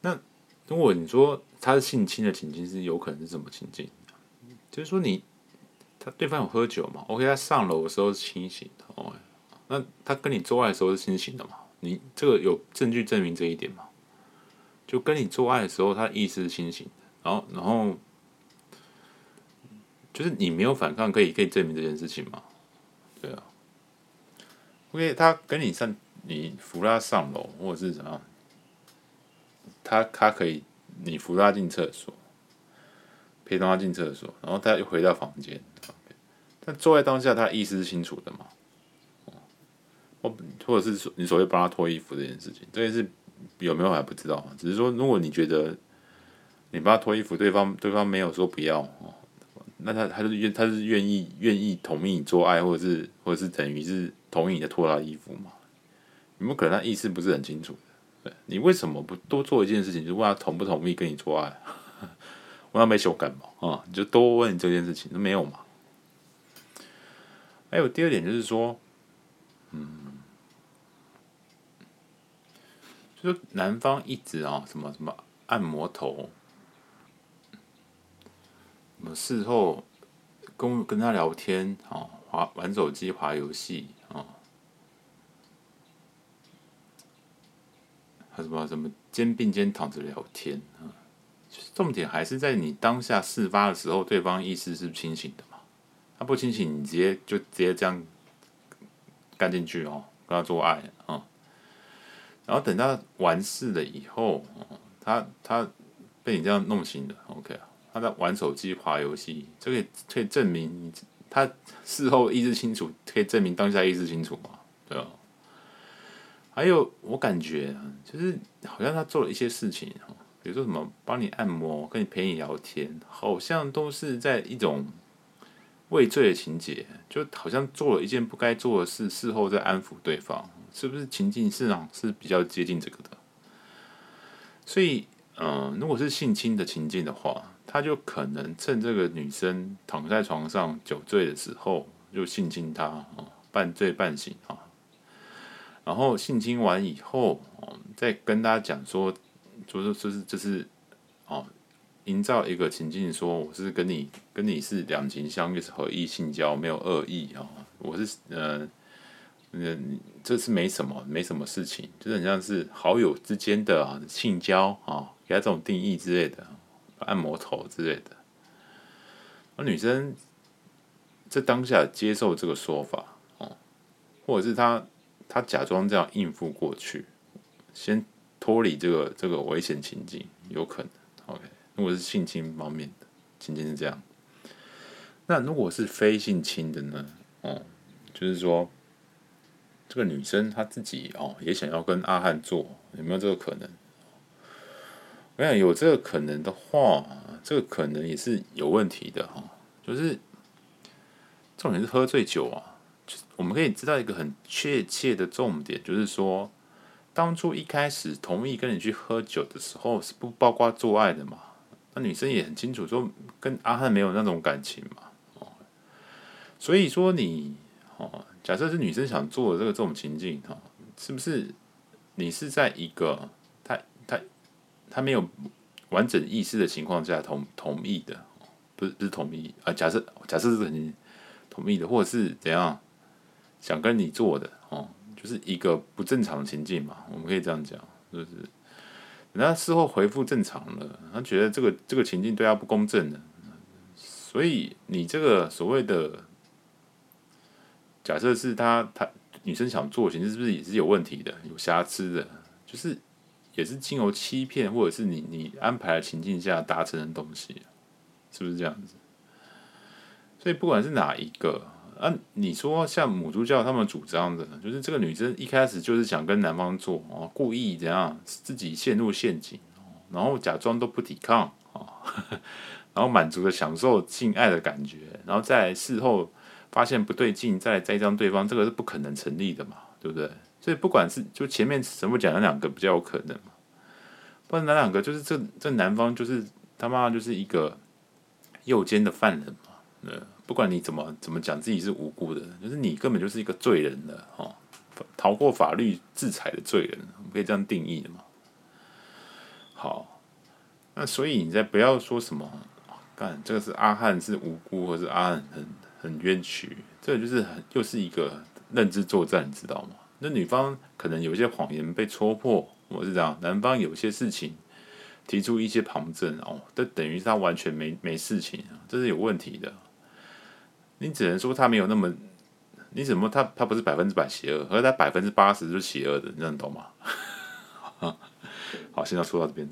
那如果你說他是性侵的情境，是有可能是什麼情境？就是說你他對方有喝酒嘛？OK，他上樓的時候是清醒的，哦，那他跟你做愛的時候是清醒的嘛？你這個有證據證明這一點嗎？就跟你做愛的時候，他的意識是清醒的，然後然後。就是你沒有反抗，可以可以證明這件事情嗎？對啊，因、okay, 為他跟你上，你扶他上樓，或者是怎樣，他他可以你扶他進廁所，陪同他進廁所，然後他又回到房間、okay，但坐在當下，他意思是清楚的嘛？哦，或或者是你所謂幫他脫衣服這件事情，這件事有沒有還不知道嗎，只是說如果你覺得你幫他脫衣服，對方對方沒有說不要哦。那他他就願他是願意願意同意你做愛，或者是或者是等於是同意你再脫他的衣服嘛？有沒有可能他意思不是很清楚的？對，你為什麼不多做一件事情，就問他同不同意跟你做愛？ 問他沒羞感嘛啊，你、嗯、就多問這件事情，那沒有嘛？還有第二點就是說，嗯，就說、是、男方一直啊、哦、什麼什麼按摩頭。什麼事後跟跟他聊天，哦、啊，滑玩手機滑遊戲，哦、啊，還什麼什麼肩並肩躺着聊天啊？就是、重點還是在你當下事發的時候，對方意識是清醒的嘛？他不清醒，你直接就直接這樣幹進去哦、啊，跟他做愛啊。然後等到完事了以後，啊、他他被你這樣弄醒了，OK 啊。他在玩手機、滑遊戲，這個可以證明他事後意識清楚，可以證明當下意識清楚嘛？對。還有，我感覺就是好像他做了一些事情，比如說什麼幫你按摩、跟你陪你聊天，好像都是在一種畏罪的情節，就好像做了一件不該做的事，事後再安撫對方，是不是情境市場是比較接近這個的？所以，嗯、呃，如果是性侵的情境的話。他就可能趁這個女生躺在床上酒醉的時候，就性侵她啊、哦，半醉半醒啊、哦，然後性侵完以後、哦，再跟大家講說，就是就是就是哦，營造一個情境說，我是跟你跟你是兩情相悅，就是合意性交，沒有惡意啊、哦，我是呃，嗯，這是沒什麼沒什麼事情，就是很像是好友之間的性交啊、哦，給他這種定義之類的。按摩頭之類的，那、啊、女生在當下接受這個說法哦、嗯，或者是她她假裝這樣應付過去，先脫離這個這個危險情境，有可能。OK，如果是性侵方面的情境是這樣，那如果是非性侵的呢？哦、嗯，就是說這個女生她自己哦也想要跟阿翰做，有沒有這個可能？沒有，有這個可能的話，這個可能也是有問題的哈、哦。就是重點是喝醉酒啊，我們可以知道一個很確切的重點，就是說當初一開始同意跟你去喝酒的時候，是不包括做愛的嘛？那女生也很清楚說跟阿翰沒有那種感情嘛。哦，所以說你哦，假設是女生想做的這個這種情境哈、哦，是不是你是在一個他他？太他沒有完整意識的情況下同同意的，不是不是同意啊？假設假設是你同意的，或者是怎樣想跟你做的哦，就是一個不正常的情境嘛，我們可以這樣講，是、就、不是？等他事後恢復正常了，他覺得這個這個情境對他不公正的，所以你這個所謂的假設是他他女生想做其實是不是也是有問題的、有瑕疵的？就是。也是經由欺騙或者是你你安排的情境下達成的東西，是不是這樣子？所以不管是哪一個啊，啊，你說像母豬教他們主張的，就是這個女生一開始就是想跟男方做哦，故意怎樣自己陷入陷阱，哦，然後假裝都不抵抗啊，哦，然後滿足的享受性愛的感覺，然後再來事後發現不對勁，再栽贓對方，這個是不可能成立的嘛，對不對？所以不管是就前面怎麼講，那兩個比較有可能嘛？不然哪兩個？就是這這男方就是他媽就是一個誘姦的犯人嘛？嗯，不管你怎麼怎麼講自己是無辜的，就是你根本就是一個罪人了哦，逃過法律制裁的罪人，我們可以這樣定義的嘛？好，那所以你再不要說什麼幹這個是阿翰是無辜，或是阿翰很很冤屈，這就是很又是一個認知作戰，你知道嗎？那女方可能有一些謊言被戳破，我是這樣，男方有些事情提出一些旁證哦，這等於是他完全沒沒事情，這是有問題的。你只能說他沒有那麼，你怎麼他他不是百分之百邪惡，可是他百分之八十是邪惡的，你懂嗎？ 好，現在說到這邊。